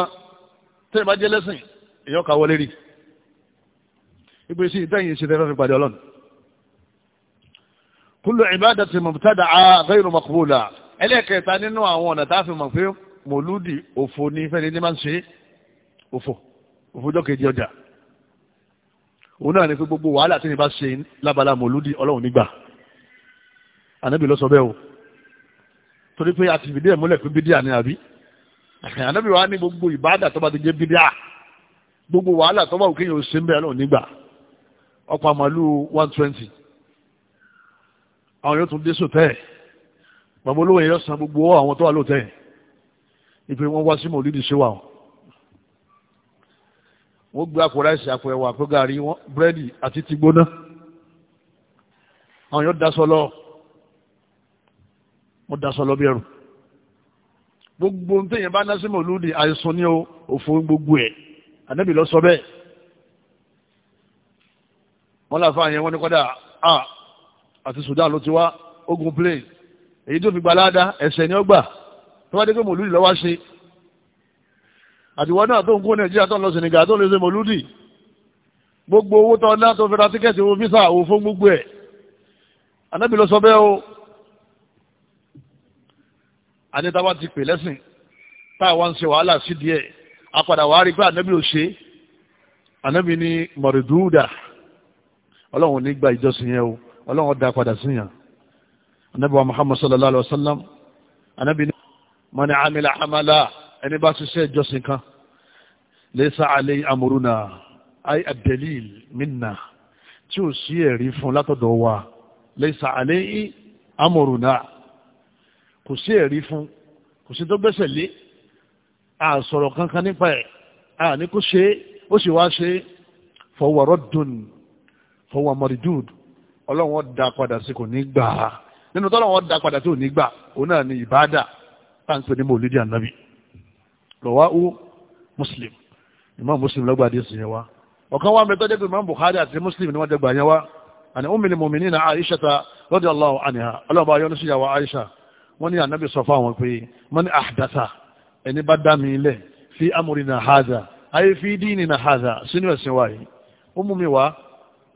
tẹ́ ìbá jẹ́ lẹ́sìn èyàn kà wọlé rí ipò sí ìtẹ́yìn ṣe tẹ́fẹ́ fi pàdé ọlọ́run kullu ibadatin mubtada'a ghayru maqbula ẹlẹ́ẹ̀kẹta nínú àwọn ọ̀nà tá a fi mọ̀ pé mòlúdì òfò ní fẹ́ni ní máa ń ṣe òfò òfòjọ́ kejì ọjà òun náà ni pé gbogbo wàhálà tí ni bá ṣe lábala mòlúdì ọlọ́run nígbà ànábì ló sọ bẹ́ẹ̀ o torí pé a ti fìdí ẹ̀ múlẹ̀ pé bídíà ni àbí ànábì wa ní gbogbo ìbáàdà tó bá ti jẹ́ bídíà gbogbo wàhálà tó bá òkèèyàn ṣe ń bẹ́ẹ̀ ọlọ́run nígbà ọkọ̀ àmàlú one twenty àwọn yóò tún dé sòtẹ́ẹ̀ bàbá olówó yẹn san gbogbo àwọn tó wà lóòótọ́ yẹn ìpè wọn wá sí mọ̀lídìí sí wa wọ́n gbé àpò ráìsì àpò ẹ̀wà àpò gàrí búrẹ́dì àti ti gbóná àwọn yóò daṣọ lọ wọ́n daṣọ lọ bí ẹrù gbogbo ntẹ̀yìn bá ná sí mọ̀lúdì àìsàn ní òfò gbogbo ẹ̀ ànábì lọ sọ bẹ́ẹ̀ wọ́n láfa yẹn wọ́n ní kọ́dà a ah, àti Sudan ló ti wá ogun plane èyí tó fi gba aláda ẹ̀sẹ̀ ni ó gbà tó bá dé pé mòlúdì lọ́wọ́ ṣe àtiwọ́ náà tó ń kó nàìjíríà tó ń lọ sẹ̀nìgà tó ń lè ṣe mòlúdì gbogbo owó tó ń dá tó fi ra tíkẹ́ẹ̀tì owó físà owó fún gbogbo ẹ̀ anábì lọ sọ bẹ́ẹ̀ o adétawá ti pè lẹ́sìn tá àwa ń ṣe wàhálà sí díẹ̀ apàdà wàá rí pé anábì ò ṣe anábì ní mọ̀rìndúdà ọlọ́run ò ní gba ìjọsìn yẹn o ọlọ́run dá padà síyàn anábíwa muhammad sallallahu alaihi wasallam anábí ní mọ́ni amílà amálà ẹni bá ṣiṣẹ́ ìjọsìn kan lẹ́sà alẹ́ amúrúnà ay adelil minna tí ó sí ẹ̀rí fún látọ̀dọ̀ wa lẹ́sà alẹ́ amúrúnà kò sí ẹ̀rí fún kò sí tó gbẹ́sẹ̀ lé àsọ̀rọ̀ kankan nípa ẹ̀ àní kó ṣe ó sì wá ṣe fọwọ́rọ́dùn fọwọ́ mọ̀rìdùn ọlọ́run dá padà sí kò ní gbà nínú tọ́lọ̀ wọn da padà tí ò ní gbà òun náà ni ìbáàdà tá à ń pè ní mòlídìí ànábì lọ́wọ́ ó muslim imam muslim lọ́gbàdì sí yẹn wa ọ̀kan wá mẹ́tọ́ jẹ́ pé imam bukhari àti muslim ni wọ́n jẹ́ gbà yẹn wa àni ummil mu'minina aisha ta radiyallahu anha ọlọ́ọ̀bá ayọ́nu sí yàwó aisha wọ́n ní ànábì sọ fáwọn pé wọ́n ní ahdatha ẹni bá dá mi lẹ̀ fi amrina hadha ayé fi dinina hadha sínú ẹ̀sìn wa ó mú mi wá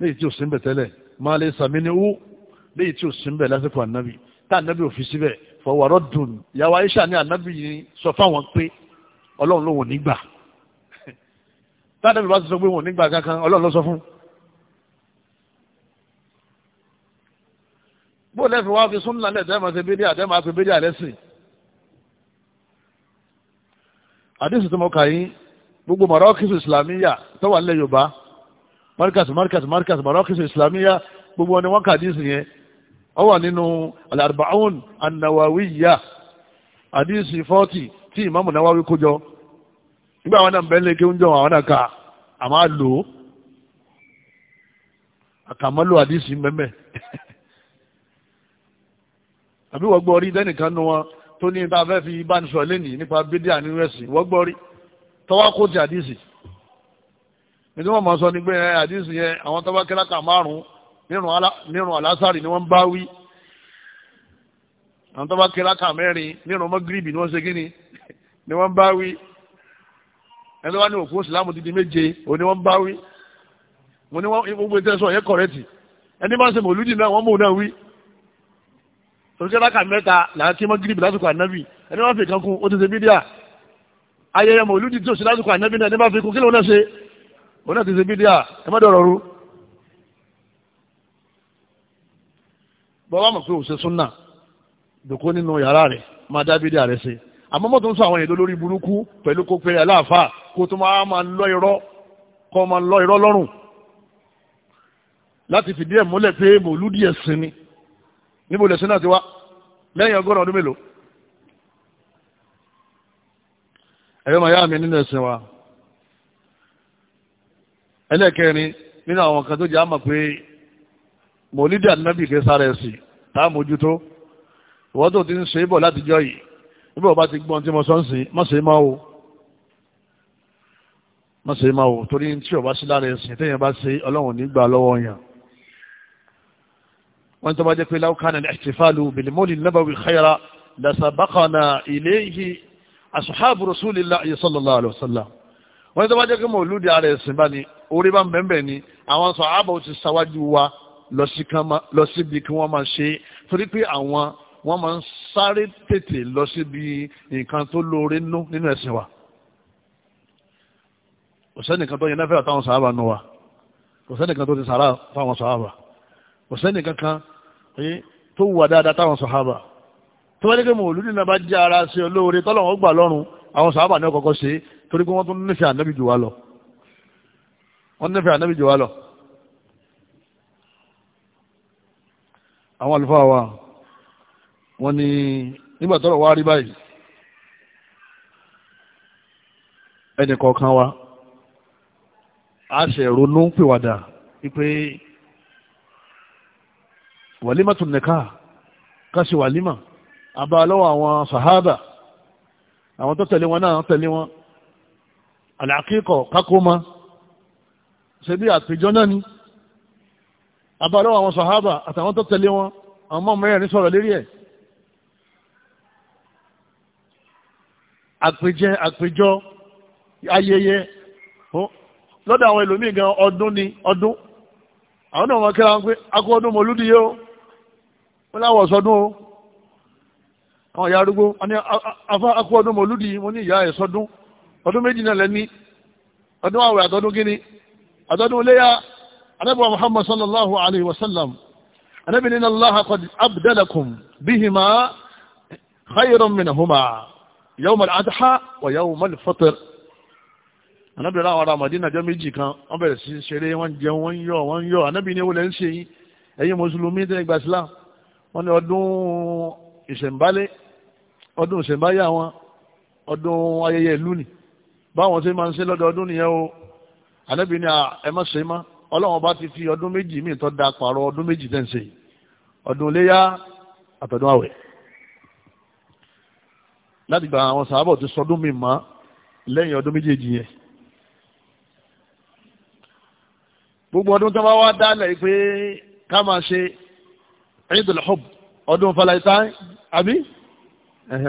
léyìí tí ò sí ń bẹ̀tẹ́lẹ̀ máa lè sàmì ní ó léyìí tí ò sí mbẹ lásìkò ànábì tá ànábì ò fi síbẹ̀ fọwọ́rọ́ dùn ìyàwó Aisha ní ànábì yìí sọ fáwọn pé ọlọ́run ló wọ̀ nígbà tá ànábì bá ti sọ pé wọ̀ nígbà kankan ọlọ́run ló sọ fún. bó lẹ́fẹ̀ẹ́ wá fi súnmọ́ lẹ́tẹ̀ẹ́ máa ṣe bídíà tẹ́ máa ṣe bídíà lẹ́sìn. àdéhùn tó mọ kà gbogbo mọ̀rọ́kìsì islamiyya tó wà nílẹ̀ Yorùbá mọ́ríkàsì mọ́ríkàsì mọ́ríkàsì mọ̀rọ́kìsì islamiyya gbogbo wọn ni wọ́n yẹn ó wà nínú al-arba'un an-nawawiyya àdíìsì 40 tí ìmáàmù Nawawi kójọ nígbà àwọn náà bẹ́ẹ̀ lé kí oúnjẹ àwọn náà ka àmọ́ àlò àkàmọ́lò àdíìsì mẹ́mẹ́ àbí wọ́n gbọ́ rí dẹ́nìkan nu wọn tó ní ta fẹ́ fi bá ní sọ lẹ́nìí nípa bídíà ní us wọ́n gbọ́ rí tọ́wọ́ kó ti àdíìsì nítorí wọ́n mọ̀ sọ ní pé yẹn àwọn tọ́wọ́ kẹ́láka nírun alásàrì ni wọ́n ń bá wí àwọn tó bá kéré ká mẹ́rin nírun mọ́gírìbì ni wọ́n ṣe kí ni ni wọ́n ń bá wí ẹni wá ní òkú ìsìlámù dídí méje òun ni wọ́n ń bá wí mo ní wọ́n gbogbo ìtẹ́sọ̀ yẹ kọ̀rẹ́tì ẹni máa ń ṣe mòlúdì náà wọ́n mò náà wí torí kéré ká mẹ́ta làwọn kí mọ́gírìbì lásìkò ànábì ẹni wọ́n fi kan kún ó ti ṣe bídíà ayẹyẹ mòlúdì tó ṣe lásìkò ànábì náà ẹni máa fi kún kí lóun náà ṣe òun náà ti ṣe bídíà ẹ má dọ̀rọ̀ rú bọ́wá mọ̀ pé òṣè súnà dòkó nínú yàrá rẹ̀ máa dábìdì ààrẹ ṣe àmọ́ mọ́tò ń sọ àwọn èdè lórí burúkú pẹ̀lú kó pẹ̀lú aláàfáà kó tó máa máa lọ irọ́ kó máa lọ irọ́ lọ́rùn láti fìdí ẹ̀ múlẹ̀ pé mòlúdì ẹ̀sìn ni níbo lẹ̀sìn náà ti wá lẹ́yìn ọgọ́rùn ọdún mélòó ẹ̀yọ́ màá yá mi nínú ẹ̀sìn wa ẹlẹ́ẹ̀kẹrin nínú àwọn kan tó jẹ́ àmọ̀ pé mọ̀lídì ànábì kì í sára ẹ̀sìn tá a mójútó ìwọ́n tó ti ń ṣe é bọ̀ látijọ́ yìí nígbà wọ́n bá ti gbọ́n tí mo sọ ń sìn má ṣe má o má ṣe má o torí tí ọba sí lára ẹ̀sìn téèyàn bá ṣe ọlọ́run nígbà lọ́wọ́ yàn wọ́n tó bá jẹ́ pé láwùkánà al-ihtifalu bil-mawlid an-nabawi ní orí bá ń bẹ̀ẹ̀ ni àwọn sàhábà ó ti ṣáwájú lọ síbi kí wọ́n máa ṣe torí pé àwọn wọ́n máa ń sáré tètè lọ síbi nǹkan tó lóore nú nínú ẹ̀sìn wa kò sẹ́nìkan tó yẹn náfẹ́ àtàwọn sàábà nù wa kò sẹ́nìkan tó ti sàárà fáwọn sàábà kò sẹ́nìkan kan tó wà dáadáa táwọn sàábà tó wá dégbé mòlúù nínú bá jẹ́ ara ṣe olóore tọ́lọ́wọ́n gbà lọ́rùn àwọn sàábà ní ọkọ̀ọ̀kọ̀ ṣe torí pé wọ́n tún nífẹ̀ẹ́ àwọn àlùfáà wa wọ́n ní nígbà tọ́rọ̀ wá rí báyìí ẹnì kọ̀ọ̀kan wa a ṣe ronú pìwàdà wípé wàlímà tún nìka ká ṣe wàlímà abá lọ́wọ́ àwọn sàhábà àwọn tó tẹ̀lé wọn náà tẹ̀lé wọn àlàkíkọ̀ kákó ma ṣe bí àpèjọ náà ni abáàlọ́wọ́ àwọn sàhábà àtàwọn tó tẹ̀lé wọn àwọn mọ́ mẹ́rin sọ̀rọ̀ lérí ẹ̀ àpèjẹ àpèjọ ayẹyẹ lọ́dọ̀ àwọn ẹlòmíì gan ọdún ni ọdún àwọn náà wọ́n kíra wọn pé akọ ọdún mọ̀lúdì yìí ó wọ́n láwọ̀ sọdún o àwọn ìyá arúgbó wọ́n ní afá akọ ọdún mọ̀lúdì mo ní ìyá ẹ̀ sọdún ọdún méjì náà lẹ́ni ọdún àwẹ̀ àtọdún kíni àtọdún léyà anábíwá muhammad sallallahu alayhi wa sallam anábí nínú allah qad abdalakum bihima khayran minhuma yawm al-adha wa yawm al-fitr anábí láwọn ará madina jẹ́ méjì kan wọ́n bẹ̀rẹ̀ sí ṣeré wọ́n jẹun wọ́n yọ wọ́n yọ anábí ní wọlé ń ṣe yín ẹ̀yin mùsùlùmí gba islam wọ́n ní ọdún ìṣẹ̀mbálé ọdún ìṣẹ̀mbáyà wọn ọdún ayẹyẹ ìlú ni báwọn ṣe máa ń ṣe lọ́dọọdún nìyẹn o anábí ní ọlọ́run bá ti fi ọdún méjì míì tó da pààrọ̀ ọdún méjì tẹ̀ ń ṣe ọdún léyà àtọ̀dún àwẹ̀ láti gba àwọn sàábọ̀ ti sọdún mi mọ́ lẹ́yìn ọdún méjèèjì yẹn gbogbo ọdún tó bá wá dálẹ̀ pé ká máa ṣe Eidul ọdún valentine àbí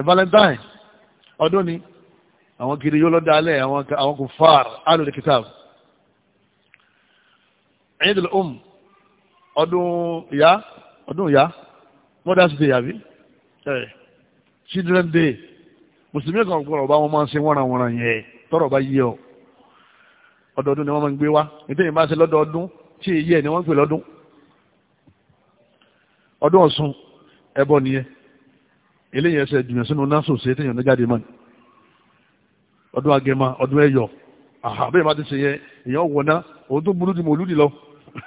valentine ọdún ni àwọn kiri yóò lọ dálẹ̀ àwọn kò far alùlẹ̀ kìtàbù Eidul Umm ọdún ìyá ọdún ìyá Mother's Day àbí Children Day mùsùlùmí kan gbọ́dọ̀ bá wọn máa ń ṣe wọ́nranwọ́nran yẹn tọ́rọ̀ bá yé ọ ọdọọdún ni wọ́n máa ń gbé wá nítorí ìbá ṣe lọ́dọọdún tí èyí ẹ̀ ni wọ́n ń pè lọ́dún ọdún Ọ̀ṣun ẹbọ nìyẹn eléyìí ẹsẹ̀ jùmọ̀ sínú násù sí téèyàn ní jáde mọ́ni ọdún Agẹmọ ọdún Ẹ̀yọ̀ àhàbẹ́yẹ̀ má ti ṣe èèyàn wọ̀ òun tó burú ju mòlúdi lọ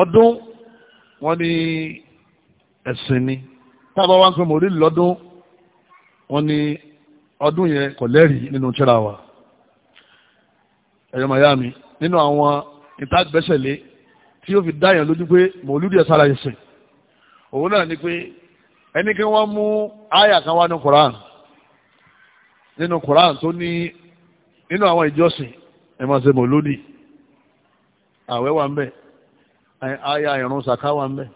ọdún wọ́n ní ẹ̀sìn ni tábà wá ń pè mọ̀ orí lọ́dún wọ́n ní ọdún yẹn kò lẹ́rìí nínú tírà wa ẹ̀yọ́ miami nínú àwọn ìtagbẹ́sẹ̀lé tí ó fi dáyàn lójú pé mọ̀lúdì ẹ̀sára ẹ̀sìn òun náà ni pé ẹni kí wọ́n mú àyà kan wá ní Koran nínú Koran tó ní nínú àwọn ìjọsìn ẹ máa ṣe mòlódì àwẹ̀ wà ń bẹ̀ aya ìrun sàká wà ń bẹ̀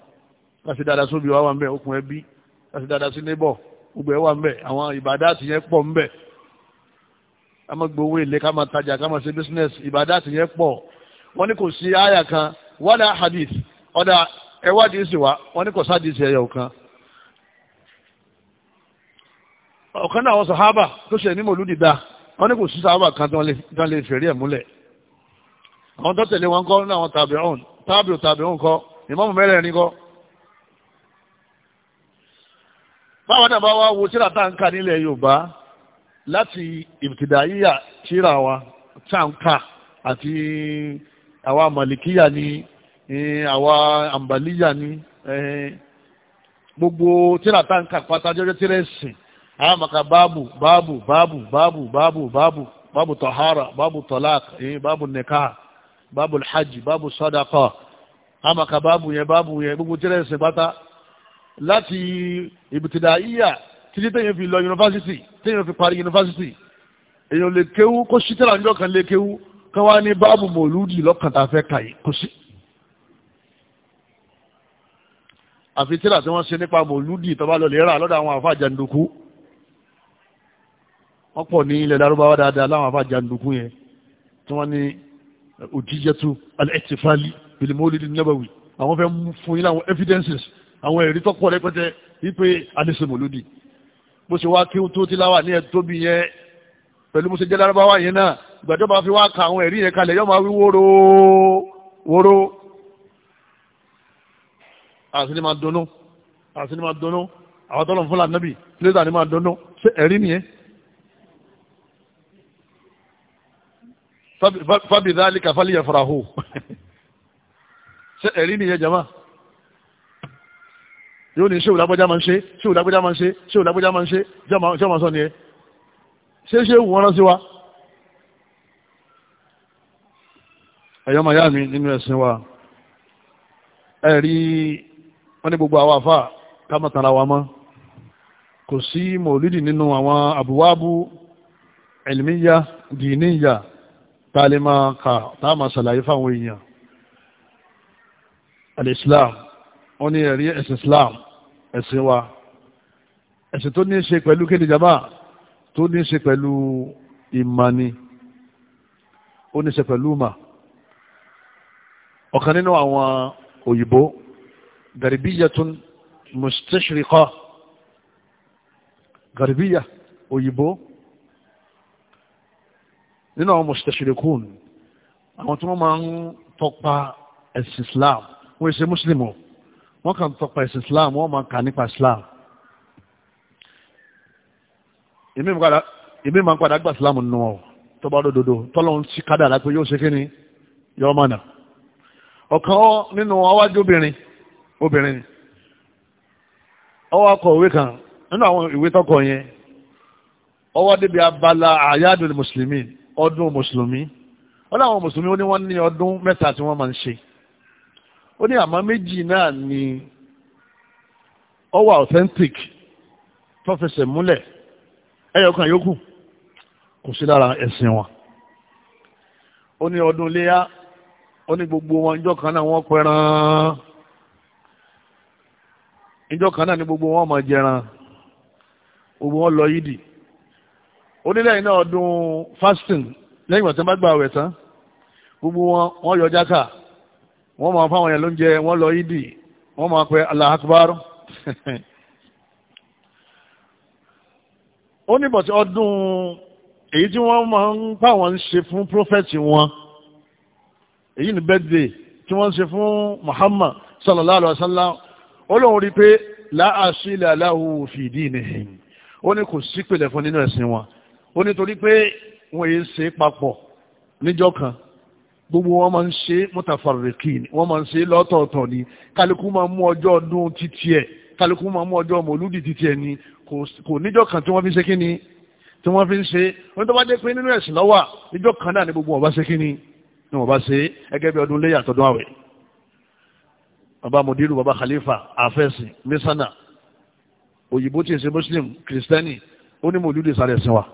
láti dáadáa sóbi wà wà ń bẹ̀ okùn ẹbí láti dáadáa sí nébọ̀ gbogbo ẹ wà ń bẹ̀ àwọn ìbàdá àtìyẹn pọ̀ ń bẹ̀ ká máa gbowó èlé ká máa tajà ká máa ṣe business ìbàdá àtìyẹn pọ̀ wọ́n ní kò sí aya kan wàdà hadith ọ̀dà ẹwádìí sì wá wọ́n ní kò sádìsì ẹyọ kan ọ̀kan náà àwọn sàhábà tó ṣe wọ́n ní kò sí sábà kan tí wọ́n lè fèrè ẹ̀ múlẹ̀ àwọn tó tẹ̀lé wọn kọ́ ní àwọn tàbí ọ̀hún tàbí tàbí ọ̀hún kọ́ ìmọ̀mù mẹ́rẹ̀ẹ̀rin kọ́. báwa náà bá wá wo tíra tá ń kà nílẹ̀ Yorùbá láti ìbùtìdáyíyà tíra wa tá à ń kà àti àwa màlìkíyà ni àwa àǹbàlíyà ni gbogbo tíra tá ń kà pátá jẹ́jẹ́ tíra ẹ̀sìn a maka babu babu babu babu babu babu babu tahara babu talaq eh babu nikah babu alhajj babu sadaqa a maka babu yẹn babu yẹn gbogbo jẹ́rẹ̀ ẹ̀sìn pátá láti ibtidaiya títí téèyàn fi lọ yunifásitì téèyàn fi parí yunifásitì èèyàn lè kéwú kó sítẹ́rà níjọ́ kan lè kéwú kan wá ní báàbù mòlúdì lọ́kàn tá a fẹ́ kà yìí kò sí. àfi tírà tí wọ́n ṣe nípa mòlúdì tó lọ lè rà lọ́dọ̀ àwọn àfa àjàǹdùkú wọ́n pọ̀ ní ilẹ̀ Lárúbáwá dáadáa láwọn afá jàǹdùkú yẹn tí wọ́n ní eh, òjíjẹ́tú al-ihtifali bil mawlid àwọn fẹ́ fún yín láwọn evidences àwọn ẹ̀rí tọ́pọ̀ rẹpẹtẹ wípé alẹ́sẹ̀mọ̀lódì bó ṣe wá kí ó tó tiláwà ní ẹ̀tọ́ bí yẹn pẹ̀lú bó ṣe jẹ́ Lárúbáwá yẹn náà ìgbàjọba fi wá ka àwọn ẹ̀rí yẹn kalẹ̀ yọ́ máa wí wóró wóró àti ni máa dunnú àti máa dunnú àwọn tọ́lọ̀ fúnlá fábì dálíkà fálíyà farahu ṣe ẹ̀rí nìyẹn jama yóò ní ṣéwù lágbájá máa ń ṣe ṣéwù lágbájá máa ń ṣe ṣéwù lágbájá máa ń ṣe jọmọ sọ nìyẹn ṣé ṣéwù wọn rán sí wa ẹ̀yọ́ màá yá mi nínú ẹ̀sìn wa ẹ̀rí wọ́n ní gbogbo àwọn àfà ká wa mọ́ kò sí mọ̀lídì nínú àwọn àbúwábù ẹ̀lìmíyà dìníyà tá a lè máa kà tá a máa ṣàlàyé fáwọn èèyàn alìsílám wọ́n ní ẹ̀rí ẹ̀sìn islam ẹ̀sìn wa ẹ̀sìn tó ní í ṣe pẹ̀lú kéde jama tó ní ṣe pẹ̀lú ìmánì ó ní ṣe pẹ̀lú mà ọ̀kan nínú àwọn òyìnbó garibiyatun mustashriqa garibiya òyìnbó nínú àwọn mustashirikun àwọn tí wọ́n máa ń tọpa ẹ̀sìn islam wọ́n ṣe muslim wọ́n kàn tọpa ẹ̀sìn islam wọ́n máa kà nípa islam èmi máa ń padà gba islam nù ọ tó bá dòdòdò tọ́lọ́run sí kádàrá pé yóò ṣe kí ni yóò mọ̀nà ọ̀kan nínú ọwájú obìnrin obìnrin ni ọwọ́ akọ ìwé kan nínú àwọn ìwé tọkọ yẹn ọwọ́ débi abala àyádùn mùsùlùmí ọdún mùsùlùmí ó láwọn mùsùlùmí ó ní wọ́n ní ọdún mẹ́ta tí wọ́n máa ń ṣe ó ní àmọ́ méjì náà ni ó authentic tó múlẹ̀ kò sí lára ẹ̀sìn wọn ó ní ọdún iléyá ó ní gbogbo wọn ìjọ kan náà wọ́n wọn jẹran lọ yídì onílẹ̀yìn náà ọdún fasting lẹ́yìn ìgbà tí wọ́n bá gbà wẹ̀ tán gbogbo wọn wọ́n yọ jáka wọ́n máa fáwọn yẹn lóúnjẹ wọ́n lọ ídì wọ́n máa pẹ́ Allah akbar ó ní bọ̀tí ọdún èyí tí wọ́n máa ń pàwọn ń ṣe fún prophet wọn èyí ni birthday tí wọ́n ń ṣe fún Muhammad sallallahu alaihi wa sallam ó lóun rí pé láàṣìlẹ̀ aláwo fìdí nìyẹn ó ní kò sí pèlè fún nínú ẹ̀sìn wọn ó nítorí pé wọ́n yìí ṣe papọ̀ níjọ́ kan gbogbo wọn máa ń ṣe mọ́tàfàrẹ̀kì ni wọ́n máa ń ṣe lọ́tọ̀ọ̀tọ̀ ni kálukú máa mú ọjọ́ ọdún títí ẹ̀ kálukú máa mú ọjọ́ mòlúdì títí ẹ̀ ni kò níjọ́ kan tí wọ́n fi ṣe kí ni tí wọ́n fi ń ṣe wọ́n tó bá dé pé nínú ẹ̀sìn lọ́wọ́ níjọ́ kan náà ni gbogbo wọn bá ṣe kí ni ni wọ́n bá ṣe ẹgẹ́ bí ọdún léyà àtọ́dún àwẹ̀ baba mudiru baba khalifa afẹ́sìn mísánà òyìnbó tí ì ṣe muslim kìrìsìtẹ́nì ó ní mòlúdì sáré ẹ̀sìn wa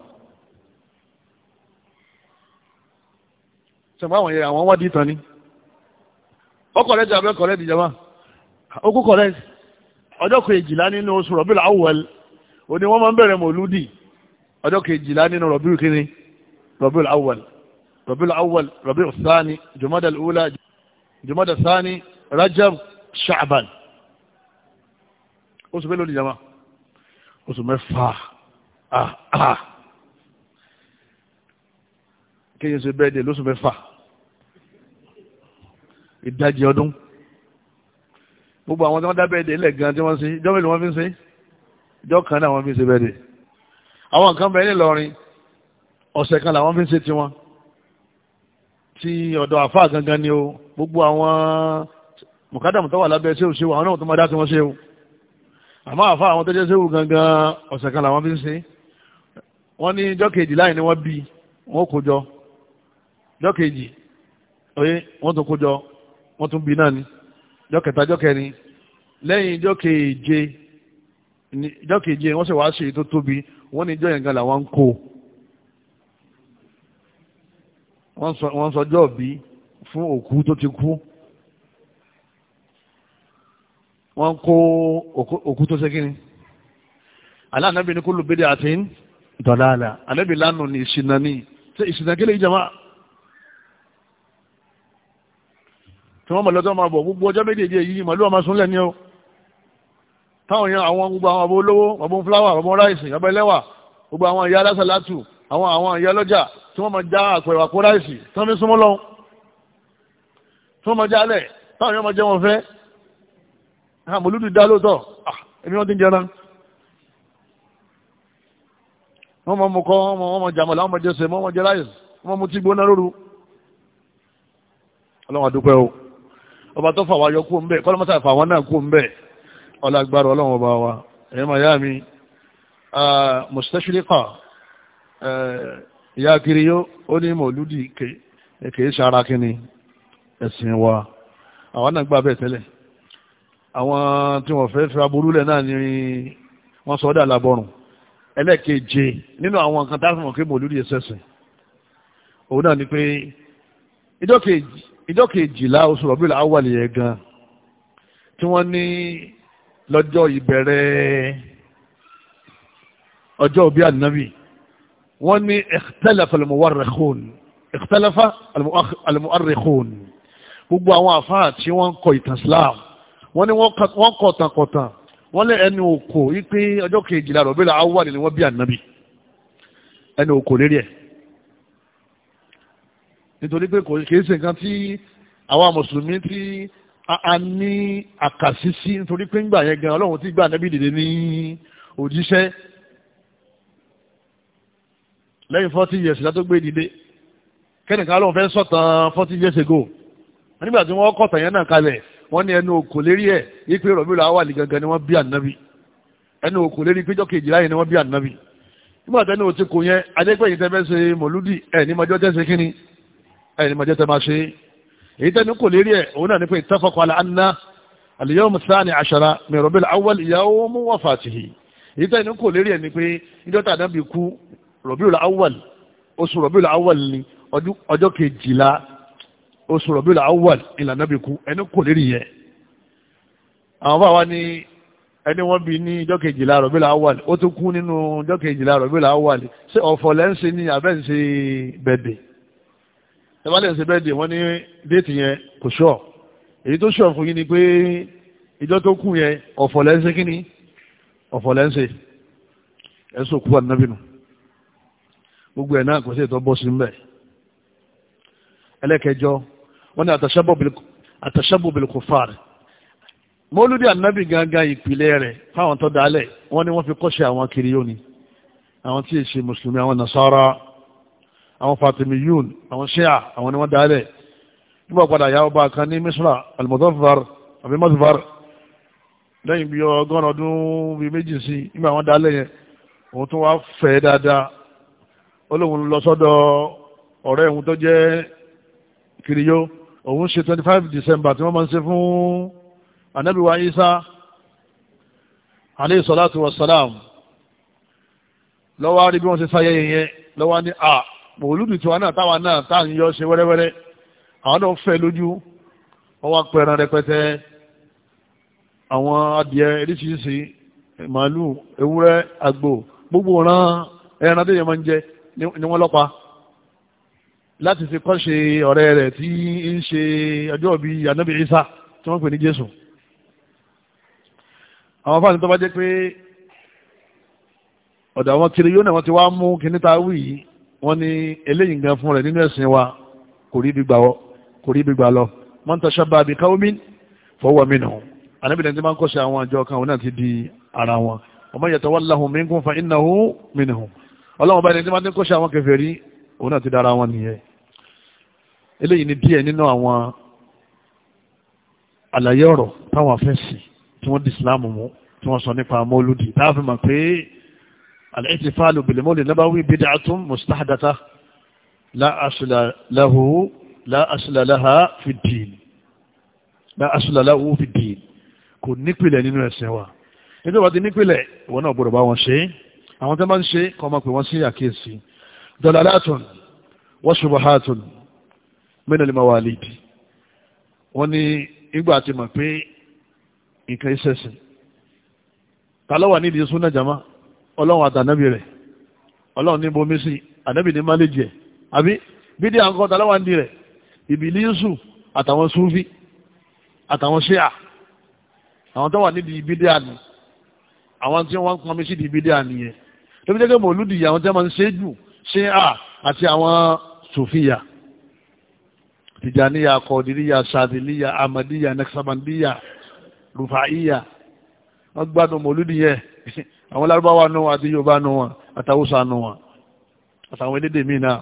sọ̀rọ̀ àwọn yẹn àwọn wádìí tán ni ó kọ̀rẹ́ jẹ́ abẹ́ kọ̀rẹ́ ìjọba ó kú kọ̀rẹ́ ọjọ́ kejìlá nínú oṣù rọ̀bìlà awwal òní wọ́n máa ń bẹ̀rẹ̀ mọ̀lúdì ọjọ́ kejìlá nínú rọ̀bìlù kínní rọ̀bìlù awwal rọ̀bìlù awwal rọ̀bìlù sáni jùmọ́dà lùúlà jùmọ́dà sáni rajab sha'ban oṣù mélòó ni jama oṣù mẹ́fà ah ah kéyìn ṣe bẹ́ẹ̀ dé lóṣù mẹ́fà ìdajì ọdún gbogbo àwọn tí wọ́n dá bẹ́ẹ̀dẹ̀ ilẹ̀ gan tí wọ́n ṣe ìjọ mélòó wọ́n fi ń ṣe ìjọ kan náà wọ́n fi ń ṣe bẹ́ẹ̀dẹ̀ àwọn nǹkan bẹ́ẹ̀ nílọrin ọ̀sẹ̀ kan làwọn fi ń ṣe tiwọn ti ọ̀dọ̀ àfáà gangan ni o gbogbo àwọn mùkádàmù tó wà lábẹ́ ṣéwù ṣéwù àwọn náà tó máa dá tiwọn ṣéwù àmọ́ àfáà àwọn tó jẹ́ ṣéwù gangan ọ̀sẹ̀ kan làwọn fi ń ṣe wọ́n ní ìjọ kejìlá yìí ni wọ́n bí wọ́n kó jọ ìjọ kejì wọ́n tún bí náà ni jọ́kẹta jọ́kẹrin lẹ́yìn jọ́keje jọ́keje wọ́n sì wá ṣe tó tóbi wọ́n ní jọ́yẹn gan làwọn ń kó wọ́n sọ jọ́ọ̀bí fún òkú tó ti kú wọ́n kó òkú tó ṣe kíni aláàánábì ní kúlù bídí àti dọ̀láàlà anábì lánàá ní ìṣìnà ní ìṣìnà kílẹ̀ ìjọba tí wọ́n mọ̀ lọ́tọ́ máa bọ̀ gbogbo ọjọ́ méjèèjì yìí màálù ọmọ súnlẹ̀ ni ó táwọn èèyàn àwọn gbogbo àwọn abó olówó bàbá fúláwà bàbá ráìsì bàbá ẹlẹ́wà gbogbo àwọn ìyá alásàlátù àwọn àwọn ìyá lọ́jà tí wọ́n máa já àpẹ̀rẹ̀ àpò ráìsì tí wọ́n fi súnmọ́ lọ́wọ́ tí wọ́n máa já alẹ̀ táwọn èèyàn máa jẹ́ wọn fẹ́ àmọ̀lúdù dá lóòótọ́ ah, èmi wọ́n ti ń jẹran wọ́n máa jẹ ọlọ́run àdúpẹ́ o ọba tó fà wá yọ kó ń bẹ̀ kọ́lọ́mọ́sá fà wọn náà kó ń bẹ̀ ọlágbára ọlọ́run ọba wa ẹ̀yẹ́ màyá mi mustashriqa ìyá kiri yó ó ní mọ̀lúdì kìí ṣara kíni ẹ̀sìn wa àwọn náà gbà bẹ́ẹ̀ tẹ́lẹ̀ àwọn tí wọ́n fẹ́ fi aburú náà ni wọ́n sọ ọ́ dà lábọ́rùn ẹlẹ́ẹ̀keje nínú àwọn nǹkan tá a fi mọ̀ pé mọ̀lúdì ẹ̀sẹ̀sìn òun náà ni pé ìjọ́ kejì ìjọ́ kejìlá oṣù rọ̀bí làwọ̀lì yẹn gan tí wọ́n ní lọ́jọ́ ìbẹ̀rẹ̀ ọjọ́ òbí ànábì wọ́n ní ikhtalafa al-muwarrikhun ikhtalafa al-muwarrikhun gbogbo àwọn àfáà tí wọ́n ń kọ ìtàn Islam wọ́n ní wọ́n kọ tànkọ̀tàn wọ́n lé ẹnu òkò yí pé ọjọ́ kejìlá rọ̀bí làwọ̀lì ni wọ́n bí ànábì ẹnu òkò lérí ẹ̀ nítorí pé kò kìí ṣe nǹkan tí àwa mùsùlùmí tí a ní àkàsí sí nítorí pé ńgbà yẹn gan ọlọ́run ti gbà nẹ́bí dìde ní òjíṣẹ́ lẹ́yìn forty years látó gbé dìde kẹ́nìkan ọlọ́run fẹ́ sọ̀tàn forty years ago nígbà tí wọ́n kọ̀tàn yẹn náà kalẹ̀ wọ́n ní ẹnu òkò lérí ẹ̀ yí pé rọ̀bí làwọn àlè gangan ni wọ́n bí ànábì ẹnu òkò lérí péjọ́ kejìlá yẹn ni wọ́n bí ànábì nígbà tẹ́nu òtí kò yẹn adégbẹ̀yìn tẹ́ ṣe mọ̀lúdì ẹ̀ ní mọ́jọ́ tẹ́sẹ̀ kínní ẹni mọ̀jẹ́ tẹ́ máa ṣe èyí tẹ́ni kò lérí ẹ̀ òun náà ní pé ìtafọ́kọ̀ alẹ́ anna al-yawm ath-thani 'ashara min Rabi'il awwal yawm wafatihi èyí tẹ́ni kò lérí ẹ̀ ni pé ìjọta ànábì kú Rabi'il awwal oṣù Rabi'il awwal ni ọjọ́ kejìlá oṣù Rabi'il awwal ìlànà ànábì kú ẹni kò lérí yẹ àwọn bá wa ní ẹni wọ́n bí ní ọjọ́ kejìlá Rabi'il awwal ó tún kú nínú ọjọ́ kejìlá Rabi'il awwal ṣé ọ̀fọ̀ lẹ́ ń ṣe bẹ̀bẹ̀ ẹ bá lè ṣe bẹ́ẹ̀ dè wọ́n ní déètì yẹn kò ṣọ́ èyí tó ṣọ́ fún yín ni pé ìjọ tó kù yẹn ọ̀fọ̀ lẹ́ ń ṣe kíni ọ̀fọ̀ lẹ́ ń ṣe ẹ̀ ń sòkú ànábìnú gbogbo ẹ̀ náà kò sí ìtọ́ bọ́ sí mbẹ́ ẹlẹ́kẹjọ wọ́n ní àtàṣàbò bìlìkù fàr mọ́lúdì ànábì gangan ìpìlẹ̀ rẹ̀ fáwọn tó dálẹ̀ wọ́n ní wọ́n fi kọ́ṣẹ́ àwọn kiri yóni àwọn tí ì ṣe mùsùlùmí àwọn nasara àwọn fatimi yun àwọn shia àwọn ni wọ́n dálẹ̀ nígbà padà yà ọba kan ní misra almudafar àbí mazfar lẹ́yìn bí ọgọ́rùn ọdún bíi méjì sí nígbà wọ́n dálẹ̀ yẹn òun tún wá fẹ́ dáadáa ó lóun lọ sọ́dọ̀ ọ̀rẹ́ òun tó jẹ́ kiriyó òun ṣe twenty five december tí wọ́n máa ń ṣe fún anabiwa isa aleyhi salatu wa salam lọ́wọ́ á rí bí wọ́n ṣe sáyẹ́ yẹn lọ́wọ́ á ní a mòlúdù tiwa náà táwa náà tá à ń yọ ṣe wẹ́rẹ́wẹ́rẹ́ àwọn náà fẹ́ lójú wọ́n wá pẹran rẹpẹtẹ àwọn adìẹ eríṣiríṣi màálù ewúrẹ́ àgbò gbogbo ran ẹran tó yẹ máa ń jẹ ni wọ́n lọ́pa láti fi kọ́ṣe ọ̀rẹ́ rẹ̀ tí ń ṣe ọjọ́ bíi anabi isa tí wọ́n pè ní jésù àwọn fáwọn tó bá jẹ́ pé ọ̀dọ̀ àwọn kiri yóò náà wọ́n ti wá mú kíní ta wí yìí wọ́n ní eléyìí gan fún rẹ̀ nínú ẹ̀sìn wa kò rí gbígbà lọ man tashabbaha bi qawmin fahuwa minhum anábìnrin tí máa ń kọ́ṣe àwọn àjọ kan òun náà ti di ara wọn wa man yatawallahum minkum fa innahu minhum ọlọ́run bá ẹni tí máa ń kọ́ṣe àwọn kèfèrí òun náà ti dára wọn nìyẹn eléyìí ni díẹ̀ nínú àwọn àlàyé ọ̀rọ̀ táwọn afẹ́sì tí wọ́n di ìsìláàmù mú tí wọ́n sọ nípa mọ́lúdì táàfin mọ̀ pé الاحتفال بالمولد النبوي بدعة مستحدثة لا أصل له لا أصل لها في الدين لا أصل له في الدين kò nípìlẹ̀ nínú ẹ̀sìn wa nítorí wàá ti nípìlẹ̀ ìwọ náà gbọ́dọ̀ bá wọn ṣe àwọn tó bá ń ṣe kọ́ máa pè wọ́n sí àkíyèsí dalalatun wa shubuhatun min al-mawalid wọ́n ní ìgbà àti mọ̀ pé nǹkan iṣẹ́ sìn ta ló wà nídìí súnà jama ọlọ́run àtànábì rẹ̀ ọlọ́run ní bomi sí ànábì ní máléjì ẹ̀ àbí bídí à ń kọ́ taláwa ní rẹ̀ ìbílísù àtàwọn súfì àtàwọn ṣíà àwọn tó wà nídìí bídí àní àwọn tí wọ́n ń pọnmi sí di bídí àní yẹn tóbi jẹ́ pé mòlúdì àwọn tí wọ́n máa ń ṣe jù ṣíà àti àwọn sùfìyà tìjàníyà kọ̀ọ̀dìríyà sàdìlíyà amadíyà nẹ́kṣàbàndíyà rufaiya wọ́n gbádùn mòlúdì yẹn àwọn lárúbáwá nù wọn àti yorùbá nù wọn àtàwùsà nù wọn àtàwọn elédè míì náà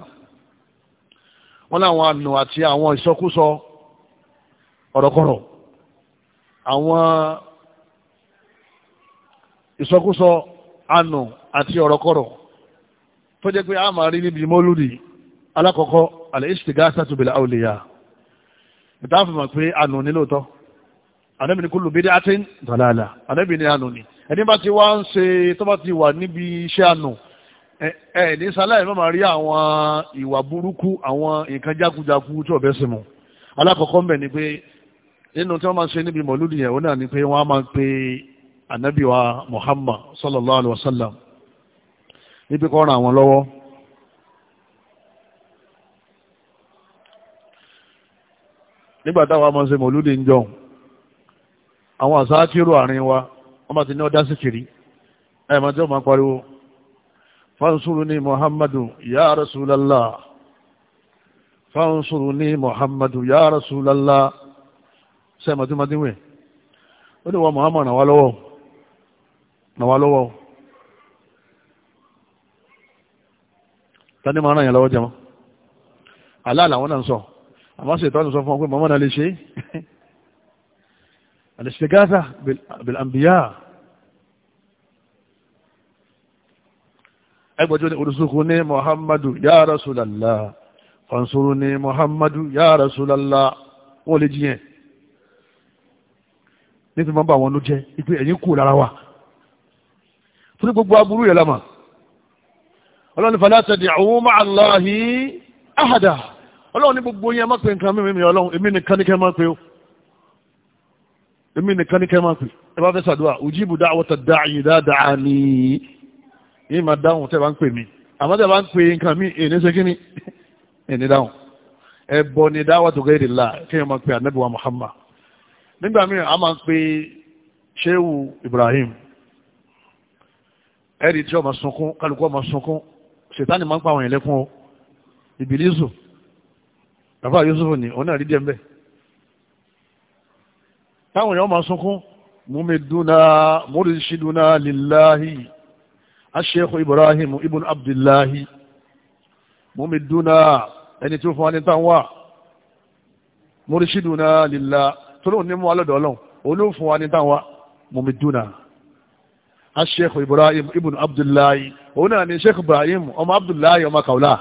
wọn láwọn ànù àti àwọn ìsọkúsọ ọ̀rọ̀kọ̀rọ̀ àwọn ìsọkúsọ ànù àti ọ̀rọ̀kọ̀rọ̀ tó jẹ́ pé a máa rí níbi mọ́lúdì alákọ̀ọ́kọ́ àlẹ́ istighathatu bil awliya ìtàfihàn pé ànù nílòótọ́ àdẹ́bìnrin kullu bid'atin dalala àdẹ́bìnrin ànù ni ẹni bá ti wá ń ṣe tó bá ti wà níbi iṣẹ́ àná ẹ ẹ ní sáláì má máa rí àwọn ìwà burúkú àwọn nǹkan jákujáku tí ọ̀bẹ sì mú alákọ̀ọ́kọ́ ń bẹ̀ ni pé nínú tí wọ́n máa ń ṣe níbi mọ̀lúdì yẹn òun náà ni pé wọ́n á máa ń pe anabi Muhammad sallallahu alayhi wa sallam níbi kọ́ ran àwọn lọ́wọ́ nígbà táwa máa ń ṣe mọ̀lúdì ń jọ àwọn àṣà kírò àárín wa wọ́n bá ti ní ọdá sí kiri ẹ̀mọ́ tí ó máa pariwo fansuruni muhammadu ya rasulallah fansuruni muhammadu ya rasulallah sẹ́mọ̀ tí madínwẹ̀ ó ní wọ́n muhammad náwà lọ́wọ́ tani máa ràn yẹn lọ́wọ́ jẹmọ́ aláàlá wọn náà sọ àmọ́ sí sọ fún ọ pé muhammad náà lè ṣe é الاستغاثة بالأنبياء ẹgbẹ̀jọ́ ni orùsùkú ní Muhammadu ya Rasulallah fansuru ní Muhammadu ya Rasulallah wọ́n lè jíyàn nítorí máa bá wọn ló jẹ́ ipé ẹ̀yìn kú lára wa tó ní gbogbo aburú yẹ̀ lámà ọlọ́ni falásẹ̀dì àwọn máa Allahi ahada ọlọ́ni gbogbo yẹn má pè nǹkan mímí ọlọ́run èmi nìkan ní kẹ́ pè ó èmi nìkan ní kẹ́mà pè ẹ bá fẹ́ sàdúrà ujibu da'wata da'i idha da'ani yìí máa dáhùn tẹ́ bá ń pè mí àmọ́ tẹ́ bá ń pè nǹkan mí èyí ní ṣe kíní èyí ní dáhùn ẹ bọ̀ ní da'watu ghayri Allah kéèyàn máa pè ànábì wa Muhammad nígbà míì a máa ń pè Shehu Ibrahim ẹ̀rí tí ọmọ sunkún kálukú ọmọ sunkún ṣètánì máa ń pa àwọn ìlẹ́kùn ìbílísù bàbá Yusuf ni òun náà rí díẹ̀ mbẹ́ẹ̀ táwọn èèyàn máa sunkún múmidúnà múrìṣídúnà lillahi aṣeéhù ibrahim ibn abdullahi múmidúnà ẹni tí ó fún wa ní táwà múrìṣídúnà lillahi tó lóun ní mú alọ́dọ̀ ọlọ́run olóò fún wa ní táwà múmidúnà aṣeéhù ibrahim ibn abdullahi òun náà ni sheikh ibrahim ọmọ abdullahi ọmọ kaula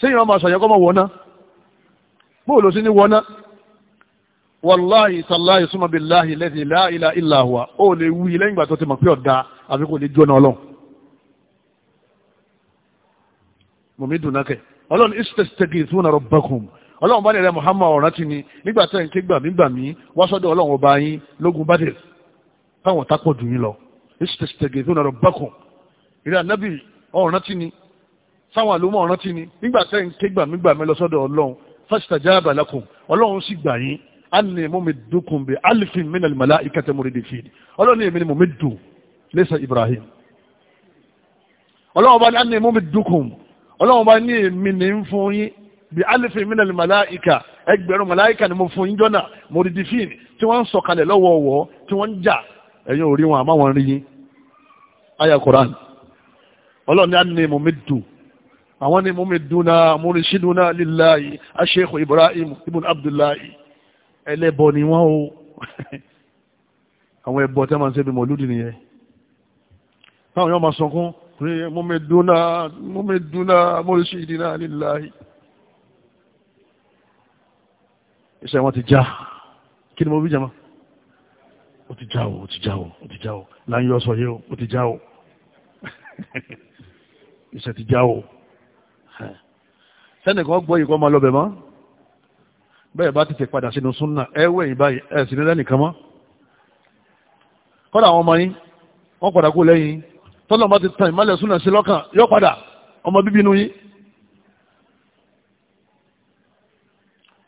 sẹ́yìn ọmọ àṣàyẹ́kọ́ mọ̀ wọ́ná bóòlù sí ní wọ́ná wàláhì sàláhì súnmọ́ bí láhì lẹ́sìn láìlà ìlàwà ó lè wí lẹ́yìn ìgbà tó ti mọ̀ pé ọ̀dà àbí kò lè jóná ọlọ́run mọ̀mí dùn náà kẹ̀ ọlọ́run istastaghithuna rabbakum ọlọ́run bá nílẹ̀ Muhammad ọ̀rán ti ni nígbà tẹ́ ń ké gbàmí gbàmí wá sọ́dọ̀ ọlọ́run ọba yín lógun bá dé táwọn tápọ̀ dùn yín lọ istastaghithuna rabbakum ìrẹ́ ànábì ọ̀rán ti ni sáwọn àlùmọ̀ ọ̀rán ti ni nígbà tẹ́ ń ké gbàmí gbàmí lọ sọ́dọ̀ ọlọ́run fastajaba lakum ọlọ́run sì gbà yín anni mumiddukum bi alfin min almalaikati muridifin ọlọ́run ní èmi ni mumiddu lẹ́sà ibrahim ọlọ́run bá ní anni mumiddukum ọlọ́run bá ní èmi ni ń fún yín bi alfin min almalaika ẹgbẹ̀rún malaika ni mo fún yín jọ́nà muridifin tí wọ́n ń sọ̀kalẹ̀ lọ́wọ́ọ̀wọ́ tí wọ́n ń jà ẹ̀yin ò rí wọn àmọ́ wọn aya quran ọlọ́run anni mumiddu àwọn ni mumiddu na murishidu lillahi asheikh ibrahim ibn abdullahi ẹlẹ́bọ ni wọ́n o àwọn ẹbọ tí wọ́n máa ń ṣe bí mọ̀lúdì nìyẹn táwọn yóò máa sọkún pé mo mẹ́ dúnà mo mẹ́ dúnà mo lè ìdínà níláyìí iṣẹ́ wọn ti já kí ni mo bí jama ó ti já o ó ti já o ó ti já o láyé ọsọ yìí o ó ti já o iṣẹ́ ti já o sẹ́nìkan gbọ́ yìí kọ́ máa lọ bẹ̀ mọ́ bẹ́ẹ̀ bá ti tẹ̀ padà sínú súnà ẹ̀wẹ̀ ìbáyìí ẹ̀ sì nílẹ̀ nìkan mọ́ kọ́dà àwọn ọmọ yín wọ́n padà kú lẹ́yìn tọ́lọ́ bá ti tan ìmọ̀lẹ̀ súnà sí lọ́kàn yọ padà ọmọ bíbí inú yín.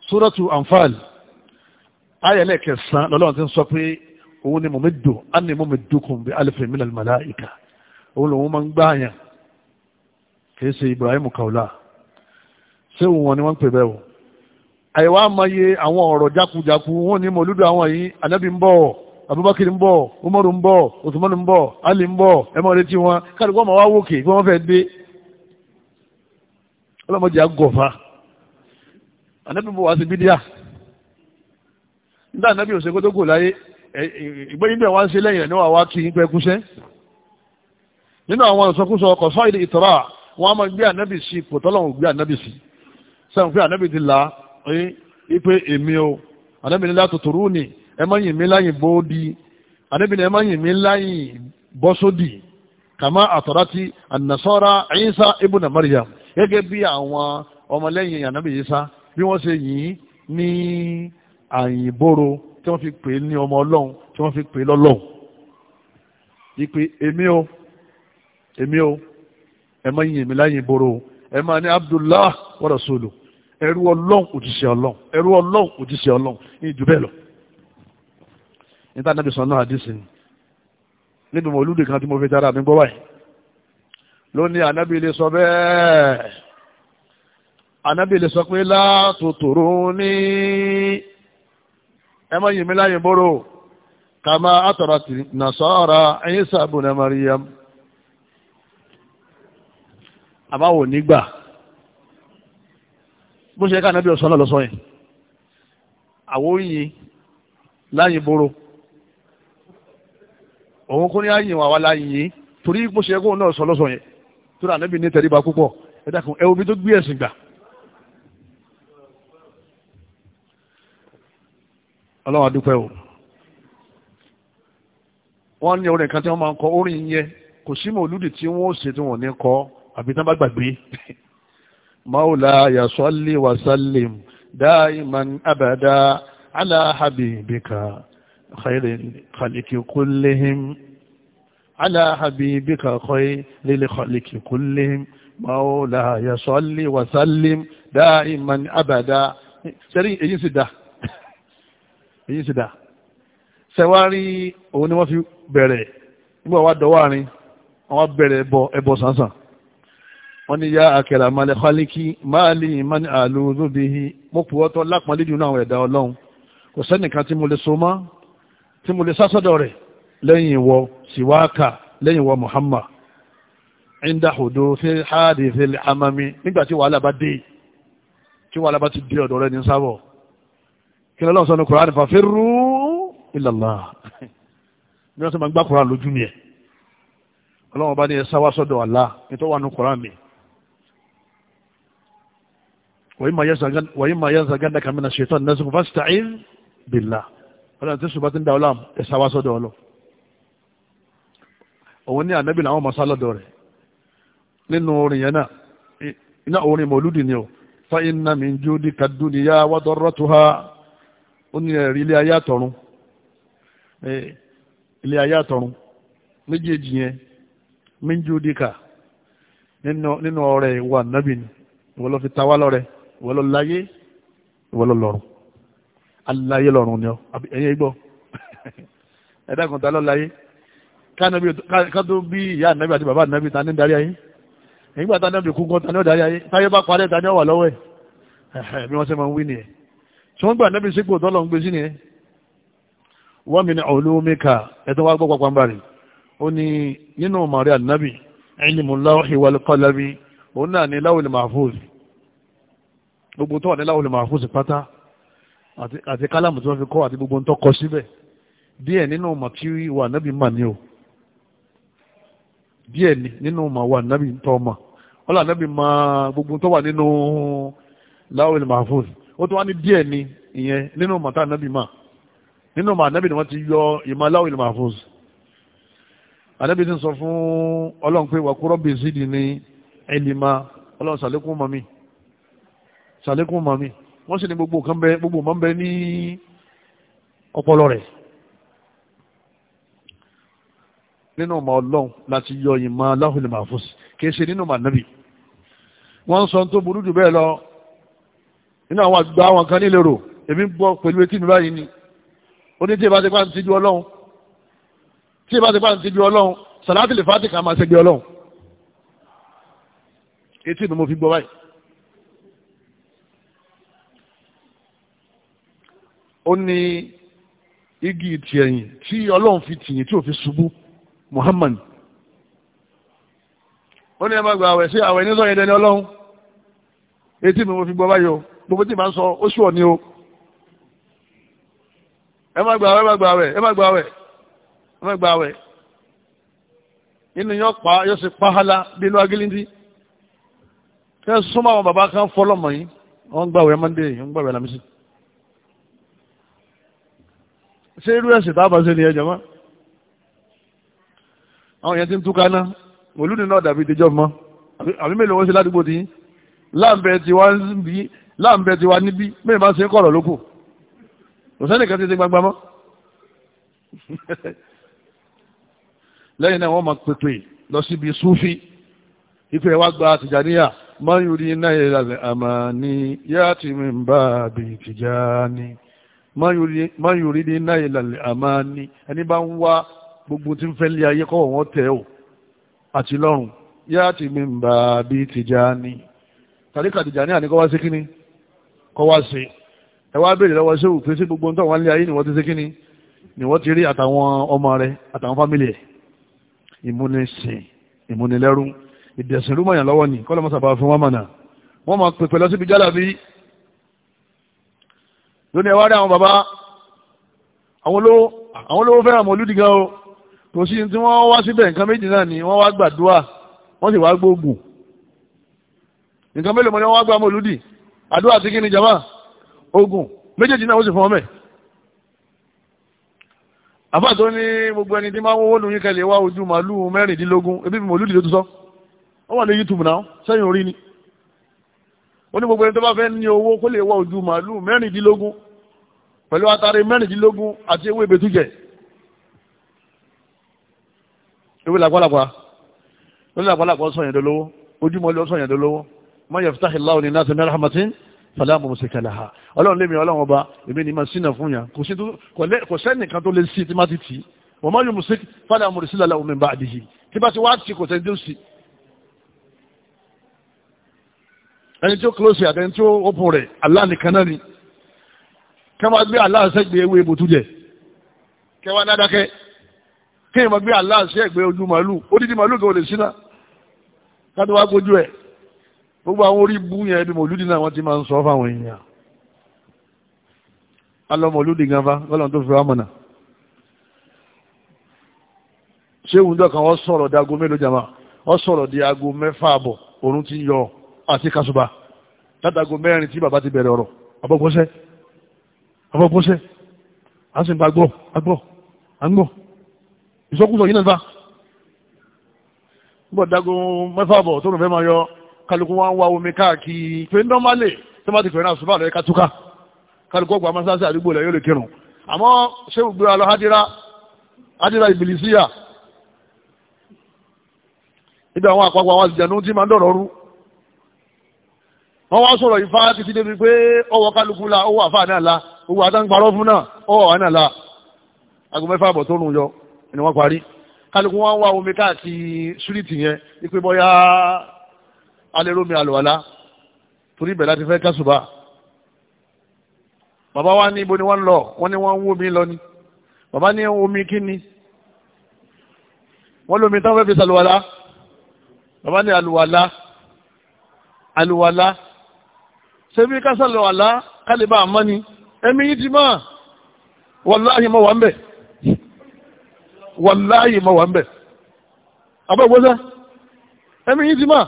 Suratu Anfal ayẹlẹ kẹsàn-án ti ń sọ pé òun ni mọ̀mídò á ní mọ̀mídòkùn bí alifin mílẹ̀ màláìka òun lòun máa ń gbá àyàn kì í ṣe Ibrahim Kaula ṣé òun wọn ni wọ́n ń pè bẹ́ẹ̀ wọ̀ àìwá amáyé àwọn ọ̀rọ̀ jákujàku wọ́n ní mọ̀lúdù àwọn yìí anábì ń bọ̀ Abubakar ń bọ̀ Umaru ń bọ̀ Usman ń bọ̀ Ali ń bọ̀ ẹ mọ̀ retí wọn káàdùkú ọmọ wa wòkè kí wọ́n fẹ́ dé ọlọ́mọdé àgọ̀fà anábì bọ̀ wá sí bídíà nígbà anábì òṣèkó tó kù láyé ìgbẹ́yìn bẹ̀ wá ń ṣe lẹ́yìn rẹ̀ níwà wá kí ń pẹ́ kúṣẹ́ nínú àwọn ìsọkúsọ ọkọ̀ sọ́ a máa gbé anábì sí ipò tọ́lọ́run gbé anábì sí sẹ́wọ̀n pé anábì ẹ ipe èmi o anábìnrin látò tòrú ni ẹ má yìn mí láyìn bóódì anábìnrin ẹ má yìn mí láyìn bọ́sódì kàmá àtọ̀rátì ànàsọ́ra Isa ibùnà Maryam gẹ́gẹ́ bí àwọn ọmọlẹ́yìn ànábì Isa bí wọ́n ṣe yìn ní àyìnbóró tí wọ́n fi pè é ní ọmọ ọlọ́run tí wọ́n fi pè é lọ́lọ́run ipe èmi o èmi o ẹ má yìn mí láyìn bóró ẹ má ní Abdullah wa rasuluhu. ẹrú ọlọ́run òjíṣẹ́ ọlọ́run ẹrú ọlọ́run òjíṣẹ́ ọlọ́run ní ìjú lọ. níta níbi sọ náà àdìsí ni níbi mo lúdì kan tí mo fi dára mi gbọ́ báyìí lónìí ànábì lè sọ bẹ́ẹ̀ ànábì lè sọ pé látòtòrò ní ẹ má yìn mí láyìn bóró kàmá àtọ̀rọ̀ tì ẹ̀yìn sàbùnà bó ṣe ká ànábì ọ̀sán náà lọ́sọ yẹn àwọn oyin láyìn boro òun kò ní àyìn wà wá láyìn yìí torí bó ṣe kóun náà sọ lọ́sọ yẹn tó rà ànábì ní tẹríba púpọ̀ ẹ dákun ẹ omi tó gbé ẹ̀sìn gbà. ọlọ́wọ́ dúpẹ́ o wọ́n ní orin kan tí wọ́n máa ń kọ orin yẹn kò sí mọ̀ olùdí tí wọ́n ṣe tí wọ́n ní kọ àbí tí wọ́n bá gbàgbé مولاي صل وسلم دائما أبدا على حبيبك خير الخلق كلهم على حبيبك خير الخلق كلهم مولاي صل وسلم دائما أبدا sẹ́rí èyí sì dá èyí sì dá sẹ́wárí òun ni wọ́n fi bẹ̀rẹ̀ nígbà wá dọ̀wọ́ àárín àwọn bẹ̀rẹ̀ ẹbọ ẹbọ sánsan wọ́n ní ya àkẹrà malẹ̀ khaliki máàlì ìmáni àlùzóbihi mo pù ọ́tọ́ lápàá lídìí náà ẹ̀dá ọlọ́run kò sẹ́nìkan tí mo lè so mọ́ tí mo lè sásọ́dọ̀ rẹ̀ lẹ́yìn ìwọ siwaka lẹ́yìn ìwọ muhammad inda hudu fi haadi fi amami nígbà tí wàhálà bá ọlọ́run sọ ni ẹ sáwá sọ́dọ̀ Allah nítorí wà ní kùránì wàyí ma yẹn zagada kàmínà ṣètò nẹ́sùn fásitàín bìlá ọlọ́run tí ṣùgbọ́n ti ń da ọlọ́run ẹ̀sà wá sọ́dọ̀ ọlọ́ òun ní ànábì làwọn ọmọ sálọ́dọ̀ rẹ̀ nínú orin yẹn náà iná orin mọ̀lúdì ni o fa iná mi ń jó di kadúniyá wádọ́rọ́ tó ha ó ní ẹ̀rí ilé ayé àtọ̀run ilé ayé àtọ̀run méjèèjì yẹn mi ń jó di kà nínú ọrẹ ìwà ànábì ni ìwọ lọ fi ta wá lọ́rẹ̀ẹ́ ìwọ́lọ́ láyé ìwọ́lọ́ lọ́run aláyé lọ́run ni ọ ẹ̀yìn igbó ẹ̀dá kan ta lọ́ láyé ká tó bí ìyá ànábì àti bàbá ànábì ta ní darí ayé nígbà tá ànábì kúkan ta ní ọ̀darí ayé táyé bá parẹ́ ta ní ọ̀wà lọ́wọ́ ẹ̀ bí wọ́n ṣe máa ń wí nìyẹn tí wọ́n gbà ànábì sípò tọ́lọ̀ ń gbé sí nìyẹn wọ́n mi ní olómìnkà ẹ̀tọ́ wá gbọ́ pàpàá bàrí ó ní nínú màrí ànábì ẹ̀yìn mú láwọ́ ìwà kọ́lábí òun náà ní láwọ́ ìlú mahfuz gbogbo tó wà níláwọ̀ lè máa fún sí pátá àti kálámù tí wọ́n fi kọ́ àti gbogbo tó kọ síbẹ̀ díẹ̀ nínú ọmọ tí wà nábì mà ní o díẹ̀ nínú ọmọ wà nábì tó ọmọ ọlá nábì mà gbogbo tó wà nínú láwọ̀ lè máa fún ó tó wá ní díẹ̀ ni ìyẹn nínú ọmọ nábì mà nínú ọmọ ànábì ni wọ́n ti yọ ìmọ̀ láwọ̀ lè máa ti sọ fún ọlọ́run pé wàkúrọ́bì sídìí ní ẹlìmá ọlọ́run sàlékún mọ́ sàlékún màmí wọ́n sì ní gbogbo kan bẹ gbogbo máa ń bẹ ní ọpọlọ rẹ̀ nínú ọmọ ọlọ́run láti yọ ìmọ̀ aláhùlẹ̀ mahfuz kìí ṣe nínú mànábì wọ́n sọ tó burú jù bẹ́ẹ̀ lọ nínú àwọn àgbà àwọn kan nílérò èmi ń bọ́ pẹ̀lú etí mi báyìí ni ó ní tí ìbá ti pa ń tijú ọlọ́run tí ìbá ti pa ń tijú ọlọ́run sàlátìlì fàtìkà máa ṣẹgbẹ́ ọlọ́run etí mi mo fi gbọ́ báyìí ó ní igi ìtìẹ̀yìn tí ọlọ́run fi tìyìn tí ò fi ṣubú Muhammad ó ní ẹ má gba àwẹ̀ sí àwẹ̀ ní sọ́yìn dẹni ọlọ́run etí mi mo fi gbọ́ báyọ̀ gbogbo tí ì máa ń sọ ó ṣùọ̀ ni o ẹ má gba àwẹ̀ ẹ má gba àwẹ̀ ẹ má gba àwẹ̀ ẹ má gba àwẹ̀ inú yọ pa yọ sí pahala bí inú agilindi kí ẹ súnmọ́ àwọn bàbá kan fọlọ́mọ yìí wọ́n ń gbàwẹ̀ mọ́ndé yìí wọ́n ń gbàwẹ̀ lámísì ṣé irú ẹ̀sìn tábà ṣe ni ẹ jọmọ́ àwọn yẹn ti ń túká ná mòlúùdì náà dàbí ìdíjọ́ mọ́ àbí mélòó wọ́n ṣe ládùúgbò tí láǹbẹ̀ tí wá níbí láǹbẹ̀ tí wá níbí mẹ́rin bá ṣe ń kọ̀rọ̀ lóko kò sẹ́nìkan ti ṣe gbangba mọ́ lẹ́yìn náà wọ́n máa pèpè lọ síbi súfì ife wa gba tìjàníyà mọ́yúrí náírà àmà ní yá tìmí ń bá bìí tìjàní man yuridi náírà àmání ẹni bá ń wá gbogbo tí ń fẹ́ lé ayé kọ́ wọ́n tẹ̀ ọ́ àti lọ́rùn yá ti mi ń bá bí Tìjàní tàríkà Tìjàní àníkọ́ wá sí kíní kọ́ wá sí ẹ wá béèrè lọ́wọ́ sí òfin sí gbogbo tó wọ́n lé ayé ni wọ́n ti sí kíní ni wọ́n ti rí àtàwọn ọmọ rẹ̀ àtàwọn fámìlì ẹ̀ ìmúnisìn ìmúnilẹ́rú ìdẹ̀sìn rúmọ̀yàn lọ́wọ́ ni kọ́lọ́mọ́sàbà fún wọn mọ̀nà wọ́n máa pèpè lọ síbi jálàbí lónìí ẹwà rí àwọn bàbá àwọn olówó àwọn olówó fẹ́ràn mọ́lúdì gan o kò sí tí wọ́n wá síbẹ̀ nǹkan méjì náà ni wọ́n wá gbàdúrà wọ́n sì wá gbóògùn nǹkan mélòó mọ́ ni wọ́n wá gbà mọ́lúdì àdúrà tí kí ni jama ogun méjèèjì náà ó sì fún ọmọ ẹ̀ àbá tó ní gbogbo ẹni tí máa ń wọ́wọ́ lóyún kẹlẹ̀ wá ojú màálù mẹ́rìndínlógún ebí mọ̀lúdì ló tún sọ ó wà ní YouTube náà sẹ́yìn orí ni ó ní gbogbo ẹni tó bá fẹ́ ní owó kó lè wá ojú màálù mẹ́rìndínlógún pẹ̀lú atare mẹ́rìndínlógún àti ewé ìbẹ̀tújẹ̀ ewé làpálàpá lórí làpálàpá sọ̀yìn dolówó ojúmọ́ ló sọ̀yìn dolówó má yaftahi Allahu linnasi min rahmatin fala mumsika laha ọlọ́run lémi ọlọ́run ọba èmi ni máa sínà fún yàn kò sẹ́nìkan tó lè sí tí má ti tì wọ́n má yumsik fala mursila lahu min ba'dihi tí bá ẹni tí ó close yàtọ̀ ẹni tí ó open rẹ̀ Allah nìkan náà ni kẹ́ máa gbé Allah sẹ́gbẹ̀ẹ́ ewé ibùtú jẹ kẹ́ gbé ojú màálù odidi màálù kan lè sí káàdì wá gbójú ẹ̀ gbogbo àwọn orí bú yẹn náà ti máa ń sọ fáwọn èèyàn alọ gan fa tó fi wá di aago mélòó jàmá wọ́n sọ̀rọ̀ di aago mẹ́fà àbọ̀ òrùn ti àti kasuba látago mẹ́rin tí bàbá ti bẹ̀rẹ̀ ọ̀rọ̀ abọ́gbọ́sẹ́ abọ́gbọ́sẹ́ a sì ń bá gbọ́ agbọ́ agbọ́ ìsọkúsọ yìí náà bá nígbà dago mẹ́fà bọ̀ tó nùfẹ́ máa yọ kálukú wa ń wá omi káàkiri pé nọ́málì tó bá ti pẹ̀lú àṣùbà lọ ẹ̀ka túká kálukú ọgbà amásáàsì àdúgbò lẹ̀ yóò lè kírun àmọ́ ṣé gbogbo alọ́ hádìrá hádìrá ìbìlísíyà níbi àwọn àpapọ̀ àwọn àjẹnú tí máa ń dọ̀rọ̀ rú wọ́n wá sọ̀rọ̀ ìfá títí débi pé ọwọ́ kálukú owó àfà náà la owó àtàǹparọ́ fún náà ọwọ́ àná la aago mẹ́fà àbọ̀ tó rùn yọ ni wọ́n parí kálukú wọn wá omi káàkiri súrìtì yẹn ipe bọ́yá alẹ́rómi àlùwàlá torí ibẹ̀ láti fẹ́ kásùbà bàbá wa ní ibo ni wọ́n lọ wọ́n ní wọ́n ń wómi lọ ni bàbá ní omi kí wọ́n lómi táwọn fẹ́ fi sàlùwàlá bàbá ní àlùwàlá àlùwàlá ṣebí kásàlọ̀ àlá kálíbà àmọ́ ni ẹ̀mí yìí ti máa wàláhì mọ́ wà ń bẹ̀ wàláhì mọ́ wà ń bẹ̀ abẹ́gbọ́sẹ́ ẹ̀mí yìí ti máa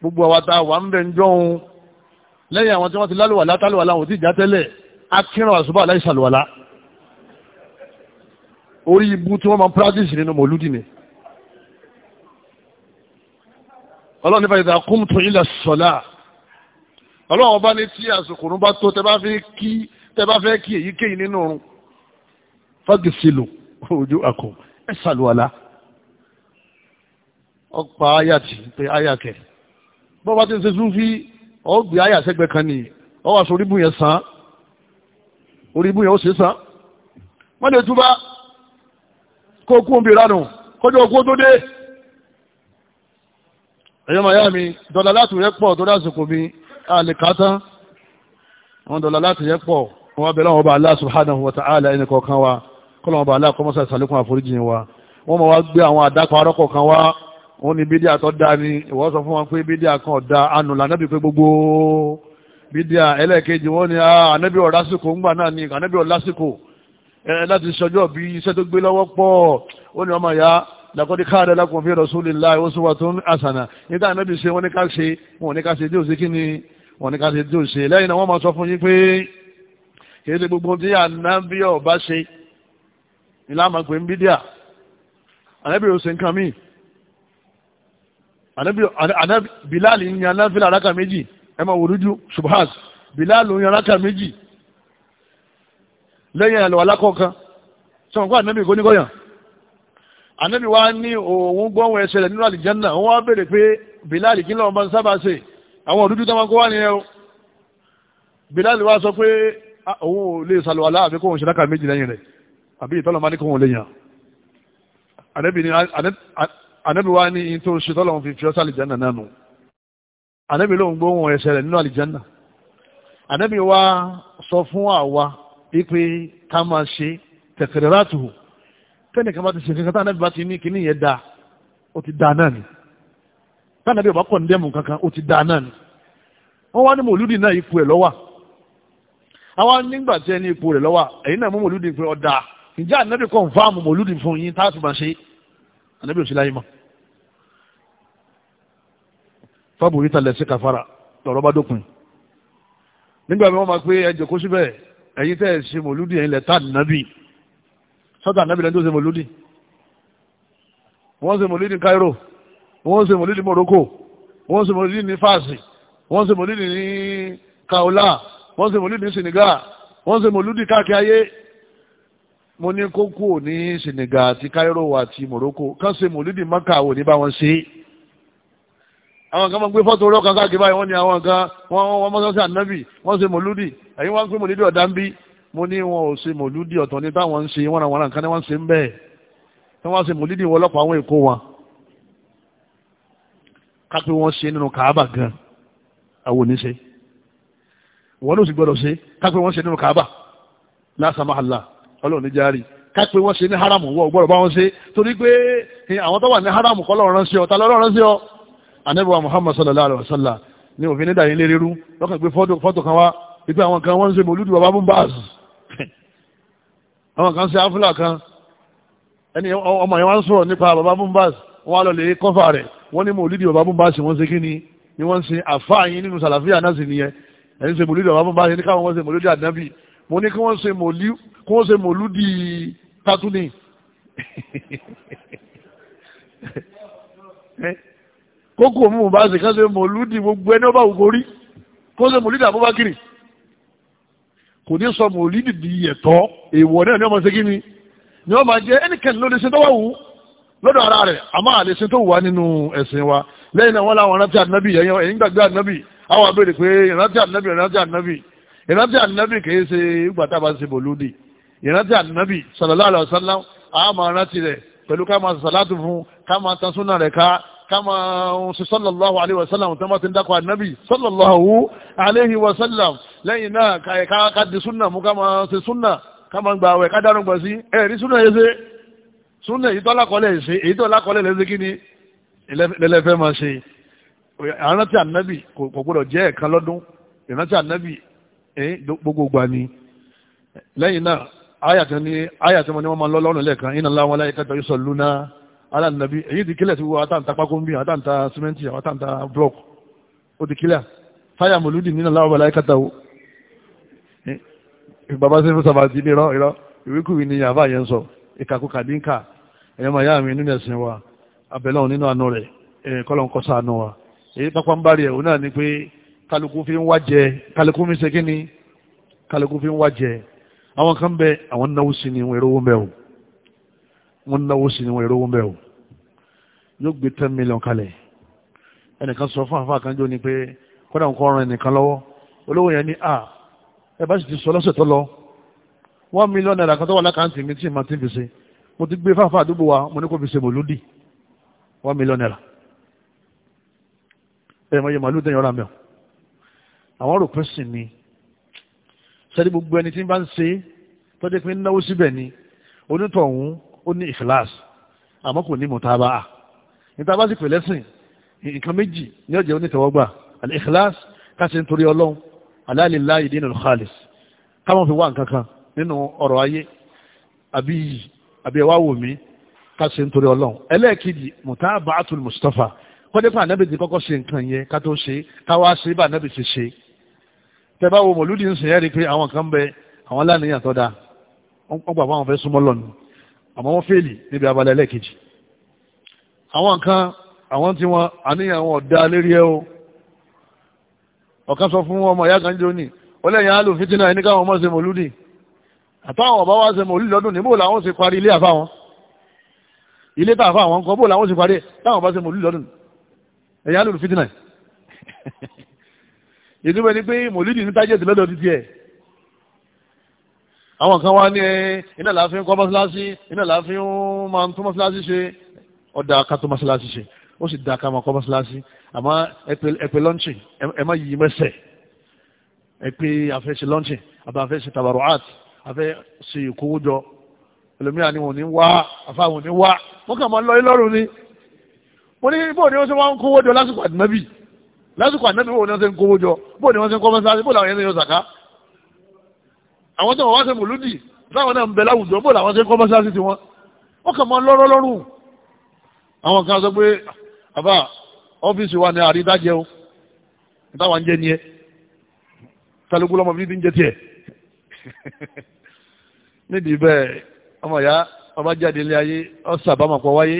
gbogbo àwọn ta wà ń bẹ̀ ń jọun lẹ́yìn àwọn tí wọ́n ti lálùwàlá tálùwàlá wọn ò tí ìjà tẹ́lẹ̀ akínrán àṣùbà aláìsàlùwàlá orí ibu tí wọ́n máa practice nínú mọ̀lúdì ni ọlọ́run nípa ìdàkùn tó ilẹ̀ sọ́lá ọlọ́run ọba ní tí àsìkòrún bá tó tẹ bá fẹ́ kí tẹ bá fẹ́ kí èyíkéyìí nínú oorun fagisilu ojú àkọ ẹ ṣàlùwàlá ọpa ayàtì pé ayàkẹ bọ́ bá ti ṣe súnfí ọgbẹ́ ayàṣẹ́gbẹ́ kan nìyí ọwọ́ aṣọ oríbù yẹn sàn oríbù yẹn ó ṣe sàn wọ́n lè túbá kó kú òun ìranù kọjọ́ okú tó dé ẹ̀yọ́ màyá mi dọ̀là látùrẹ́ pọ̀ tó dásìkò mi àlè kátán wọn dọ̀là láti yẹ pọ̀ wọn wá bẹ̀rẹ̀ wọn bá Allah subhanahu wa ta'ala ẹni kọ̀ọ̀kan wa kọ́lọ̀ wọn bá Allah kọ́mọ́sà ìsàlékún àforíjì wa wọ́n mọ̀ wá gbé àwọn àdákọ̀ arọ́kọ̀ kan wá wọ́n ní bídíà tó dá ní ìwọ́ sọ fún wọn pé bídíà kan ọ̀dá anùlà náà bí pé gbogbo bídíà ẹlẹ́ẹ̀kejì wọ́n ní ah, ànábì ọ̀lásìkò ńgbà náà ní ànábì ọ̀lásìkò láti ṣọjọ́ bí iṣẹ́ tó gbé lọ́wọ́ pọ̀ ó ní ọmọ ìyá lakọ́dí káàdé lakum fi rasulillahi uswatun hasana nígbà ànábì ṣe wọ́n ní ká ṣe wọ́n ní ká ṣe dé òsì kí ni wọ́n ní ká ṣe tí ò ṣe lẹ́yìn náà wọ́n máa sọ fún yín pé kì í ṣe gbogbo tí ànábì ọba ṣe ìlànà pé ń bídíà ànábì ò ṣe nǹkan míì ànábì bilal ń yan náfìlà rákà méjì ẹ máa subhas bilal ń yan rákà méjì lẹ́yìn àlọ́ alákọ̀ọ́kan sọ̀rọ̀ kó ànábì kò ní kọ́yàn ànábì wa ní òun gbọ́hùn ẹsẹ̀ rẹ̀ nínú àlìjánná òun wá béèrè pé bilal kí lọ́wọ́ máa ń sábà ṣe àwọn òdúdú tó máa kó wá ní ẹ o Bilal wá sọ pé ah, òun ò lè sàlùwàlá àbí kóhun ṣẹlẹ́kà méjì lẹ́yìn rẹ̀ àbí ìtọ́lọ̀má ní kóhun lẹ́yìn ànẹ́bí wá ní tó ṣe tọ́lọ̀hún fi fiọ́sà àlìjánà náà nù ànẹ́bí ló ń gbóhun ẹsẹ̀ rẹ̀ nínú àlìjánà ànẹ́bí wá sọ fún àwa wípé ká máa tẹ́nìkan bá ti ṣe kankan tánàbí bá ti ní kíní yẹn dáa ó ti dáa náà ni tánàbí ọ̀bá kọ̀ ní dẹ́mù kankan ó ti dáa náà ni wọ́n wá ní mòlúdì náà ipò ẹ̀ lọ́wà àwọn nígbà tí ẹni ipò rẹ̀ lọ́wà ẹ̀yin náà mú mòlúdì pé ọ̀dà ǹjẹ́ ànábì kọ̀ǹfàmù mòlúdì fún yín tá a fi máa ṣe ànábì òsì láyé mọ́. fábùrí talẹ̀ sí kàfàrà lọ́rọ́ bá dópin nígbà mi wọ́n máa pé ẹ jòkó síbẹ̀ ẹ̀yin tẹ́ ẹ̀ ṣe mòlúdì ẹ̀yin lẹ̀ tá ànábì sọ́dọ̀ ànábì lẹ́ni ṣe mòlúdì wọ́n ṣe mòlúdì Cairo wọ́n ṣe mòlúdì Morocco wọ́n ṣe mòlúdì ní fásitì wọ́n ṣe mòlúdì ní kaola wọ́n ṣe mòlúdì ní senegal wọ́n ṣe mòlúdì káàkiri ayé mo ní kó ní senegal àti cairo àti morocco kán ṣe mòlúdì maka wò ní bá wọn ṣe àwọn kan máa ń gbé fọ́tò rọ́ọ̀kan káàkiri báyìí wọ́n ní àwọn kan wọ́n wọ́n mọ́sánsá ànábì wọ́n ṣe mòlúdì ẹ̀yin wọ́n ń pè mòlúdì ọ̀dà ń bí mo ní wọn ò ṣe mòlúdì ọ̀tọ̀ ní táwọn ṣe wọ́n àwọn nǹkan ní wọ́n ṣe ń bẹ́ẹ̀ tí wọ́n ṣe mòlúdì wọ́n àwọn èkó wọn kápẹ́ wọ́n ṣe nínú kàábà gan-an àwọn oníṣe wọ́n ló sì gbọ́dọ̀ ṣe kápẹ́ wọ́n ṣe nínú kaaba lásàmáhàlá ọlọ́run ní járí kápẹ́ wọ́n ṣe ní haramu wọ́n gbọ́dọ̀ bá wọn ṣe torí pé àwọn tó wà ní haramu kọ́ lọ́rọ̀ ránṣẹ́ ọ̀tá lọ́rọ̀ ránṣẹ́ ọ anábíwá muhammad sallallahu alayhi wa sallam ni òfin ní dàyín lérí rú lọ́kàn gbé fọ́tò kan wá wípé àwọn kan wọ́n ń ṣe mòlúdù bàbá bùn báàz àwọn kan ṣe áfúlà kan ẹni ọmọ yẹn wá ń sọ̀rọ̀ nípa bàbá bùn báàz wọ́n á kí ni ni wọ́n ń sin àfáà yín nínú sàlàfíà náà sì nìyẹn ẹ̀yin ṣe mòlúdì ọ̀bá bá ṣe ní káwọn wọ́n ṣe mòlúdì ànábì mo ní kí wọ́n ṣe mòlúdì tátúnì eh? kókò mú bá ṣe kán ṣe mòlúdì gbogbo ẹni ọba ògo rí kó ṣe mòlúdì àbúbákiri kò ní sọ mòlúdì di ẹ̀tọ́ èèwọ̀ náà ni ọmọ ṣe kí ni ni ọmọ jẹ ẹnikẹ́ni ló lè ṣe tọ́wọ́ wù lọ́dọ̀ ara rẹ̀ àmọ́ àlè ṣe tó wà nínú ẹ̀sìn wa lẹ́yìn náà wọ́n láwọn ìrántí ànábì ẹ̀yìn ẹ̀yìn gbàgbé ànábì àwọn abéèrè pé ìrántí ànábì ìrántí ànábì ìrántí ànábì kìí ṣe ìgbà bá ṣe bòlúdì ìrántí ànábì sallallahu alaihi wasallam a máa rántí rẹ̀ pẹ̀lú ká máa sàlátù fún ká máa tan súnà rẹ̀ ká ká máa ń ṣe sallallahu alaihi wasallam tó máa ti sallallahu alaihi wasallam lẹ́yìn náà ká di súnà mú ká máa ṣe súnà ká máa gbà wẹ̀ ká dánú gbọ̀ sí ẹ̀rí súnà yẹn ṣe lẹ́lẹ́fẹ́ máa ṣe ìrántí ànábì kò gbọ́dọ̀ jẹ́ ẹ̀kan lọ́dún ìrántí ànábì gbogbo gbà ni lẹ́yìn náà ayàtọ̀ ni ayàtọ̀ ni wọ́n máa lọ lọ́rùn lẹ́ẹ̀kan iná láwọn aláìkátà yóò sọ lúná alánàbí èyí ti kílẹ̀ sí wo àtàǹtà pákóńbì àtàǹtà símẹ́ǹtì àtàǹtà block ó ti kílẹ̀ táyà mòlúdì nínú láwọn aláìkátà wo bàbá sí fún sàbàtì ní irọ́ irọ́ ìwékùwì ni yàrá sọ ìkàkùkà dínkà ẹ̀yọ́ màyá mi nínú ẹ̀sìn wa abẹ́lẹ́ nínú àánú rẹ̀ kọ́lọ̀ ń kọ́ sànù wa èyí pápá ń bá rí ẹ̀ náà ni pé kálukú fi ń wá jẹ kálukú fi ń ṣe kí ni kálukú fi ń wá jẹ àwọn kan bẹ àwọn náwó sí ni wọn èrò wọn bẹ o wọn náwó sí ni wọn èrò wọn bẹ o yóò gbé ten million kalẹ̀ ẹnìkan sọ fún àfa àkànjọ ni pé kọ́dà ń kọ́ ọ̀ràn ẹnìkan lọ́wọ́ olówó yẹn ni a ẹ bá sì ti sọ lọ́sẹ̀ tó lọ one million naira kan tó wà lákàntì mi tí ì máa ti fi ṣe mo ti gbé fáfá àdúgbò wa mo ní kó fi ṣe mòlúdì one million naira ẹ̀rọ ìmọ̀ màálù tẹ̀yìn ọ̀rọ̀ àmì ọ̀ àwọn ọ̀rọ̀ pẹ́sìn ni sẹ́ni gbogbo ẹni tí ń bá ń ṣe tọ́jú pé ń náwó síbẹ̀ ni onítọ̀hún ó ní ìfìlàs àmọ́ kò ní mọ̀tàbà à níta bá sì pè lẹ́sìn nǹkan méjì ní ọ̀jẹ̀ onítọ̀wọ́gbà àlẹ́ ìfìlàs káṣe ń torí ọlọ́run aláàlélá ìdínà lùkàlìs káwọn fi wá nǹkan kan nínú ọ̀rọ̀ ayé àbí àbí ẹ̀wá wò mí ká ṣe nítorí ọlọ́run ẹlẹ́ẹ̀kejì mutaba'atul Mustafa kọ́dẹ́fà anábì ti kọ́kọ́ ṣe nǹkan yẹn ká tó ṣe ká wá ṣe bá anábì ti ṣe tẹ́bá wo mọ̀lúdì ń sìn ẹ́ rí i pé àwọn kan bẹ àwọn aláàníyàn tó dáa wọ́n gbà fáwọn fẹ́ súnmọ́ lọ́nu àmọ́ wọ́n fèèlì níbi abalẹ̀ ẹlẹ́ẹ̀kejì àwọn kan àwọn tí wọn àníyàn wọn dá lérí ẹ o ọ̀kan sọ fún ọmọ ìyá kan jóni ọlẹ́yìn alò fitinà ẹni káwọn ọmọ ṣe mọ̀lúdì àtàwọn ọ̀bá wa ṣe mọ̀lúdì lọ́dún níbo làwọn ṣe parí ilé àfáwọn ilé tá a fa àwọn nǹkan bó làwọn sì parí táwọn bá ṣe mòlúù lọ́dún ẹ̀yà lòlù fìtínà ìdúpẹ́ ni pé mòlúù ní tájẹ̀tì lọ́dọ̀ títí ẹ̀ àwọn kan wá ní iná làá fi ń kọ́ mọ́ṣáláṣí iná làá fi ń máa ń tún mọ́ṣáláṣí ṣe ọ̀dà ká tún mọ́ṣáláṣí ṣe ó sì da ká máa kọ́ mọ́ṣáláṣí àmọ́ ẹ̀pẹ̀ lọ́ńchì ẹ má yí mẹ́sẹ̀ ẹ̀pẹ̀ àfẹ́ ṣe lọ́ńchì àbá àfẹ́ ṣe tàbàrọ̀ àt àfẹ́ ṣe ìkówójọ ẹlòmíà ni wọn ò ní wá àfa wọn ò ní wá wọn kàn máa lọ yín lọ́rùn ni mo ní bó ni wọ́n ṣe wá ń kówó jọ lásìkò ànábì lásìkò ànábì bó ni wọ́n ṣe ń kówó jọ bó ni wọ́n ṣe ń kọ́ mọ́sáàsì bó làwọn yẹn ń yọ zàká àwọn tó wọ́n wá ṣe mòlúdì táwọn náà ń bẹ láwùjọ bó làwọn ṣe ń kọ́ mọ́sáàsì tiwọn wọ́n kàn máa lọ́rọ́ lọ́rùn àwọn kan sọ pé àbá ọ́fíìsì wa ni àrídájẹ́ o táwọn ń jẹ́ ni ẹ kálukú lọ́mọ bíi ti ń jẹ tiẹ̀ nídìí ọmọ ìyá ọba jáde ilé ayé ọ̀sà bá màpọ̀ wáyé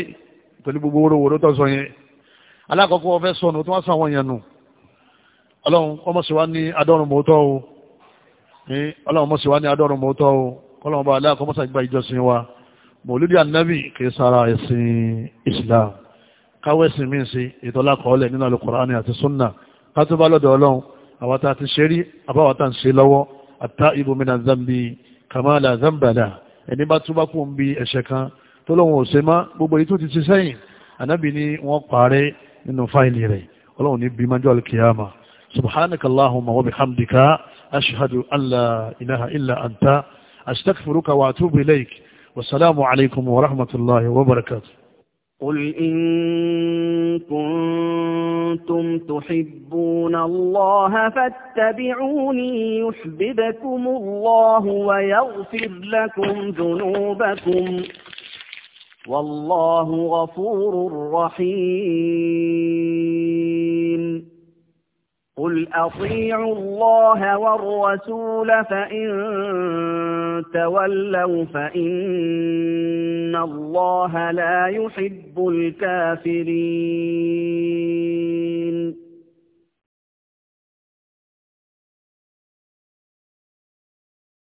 pẹ̀lú gbogbo wórówóró tó sọ yẹn alákọ̀ọ́kọ́ ọfẹ́ sọnù tó wá sọ àwọn èèyàn nù ọlọ́run ọmọ sì wá ní adọ́run mọ́tọ́ o ọlọ́run ọmọ sì wá ní adọ́run mọ́tọ́ o kọ́lọ́run ọba aláàkọ́ mọ́sà gba ìjọsìn wa mọ̀lúdí ànábì kì í sára ẹ̀sìn Islam káwọ́ ẹ̀sìn míì sí ìtọ́lá kọ́ọ́lẹ̀ nínú al àti sunna kátó bá lọ́dọ̀ ọlọ́run àwọ̀tá ti ṣe rí àbáwọ̀tá ń ṣe lọ́wọ́ àtá ibùmínà zambi kamala zambala ẹni bá túbá kú ń bi ẹ̀ṣẹ̀ kan tó lóun ò ṣe mọ́ gbogbo èyí tó ti ṣe sẹ́yìn ànábì ni wọ́n parẹ́ nínú fáìlì rẹ̀ ọlọ́run ní bí májọ́ alkiyama subhanaka allahumma قل إن كنتم تحبون الله فاتبعوني يحببكم الله ويغفر لكم ذنوبكم والله غفور رحيم قل أطيعوا الله والرسول فإن تولوا فإن الله لا يحب الكافرين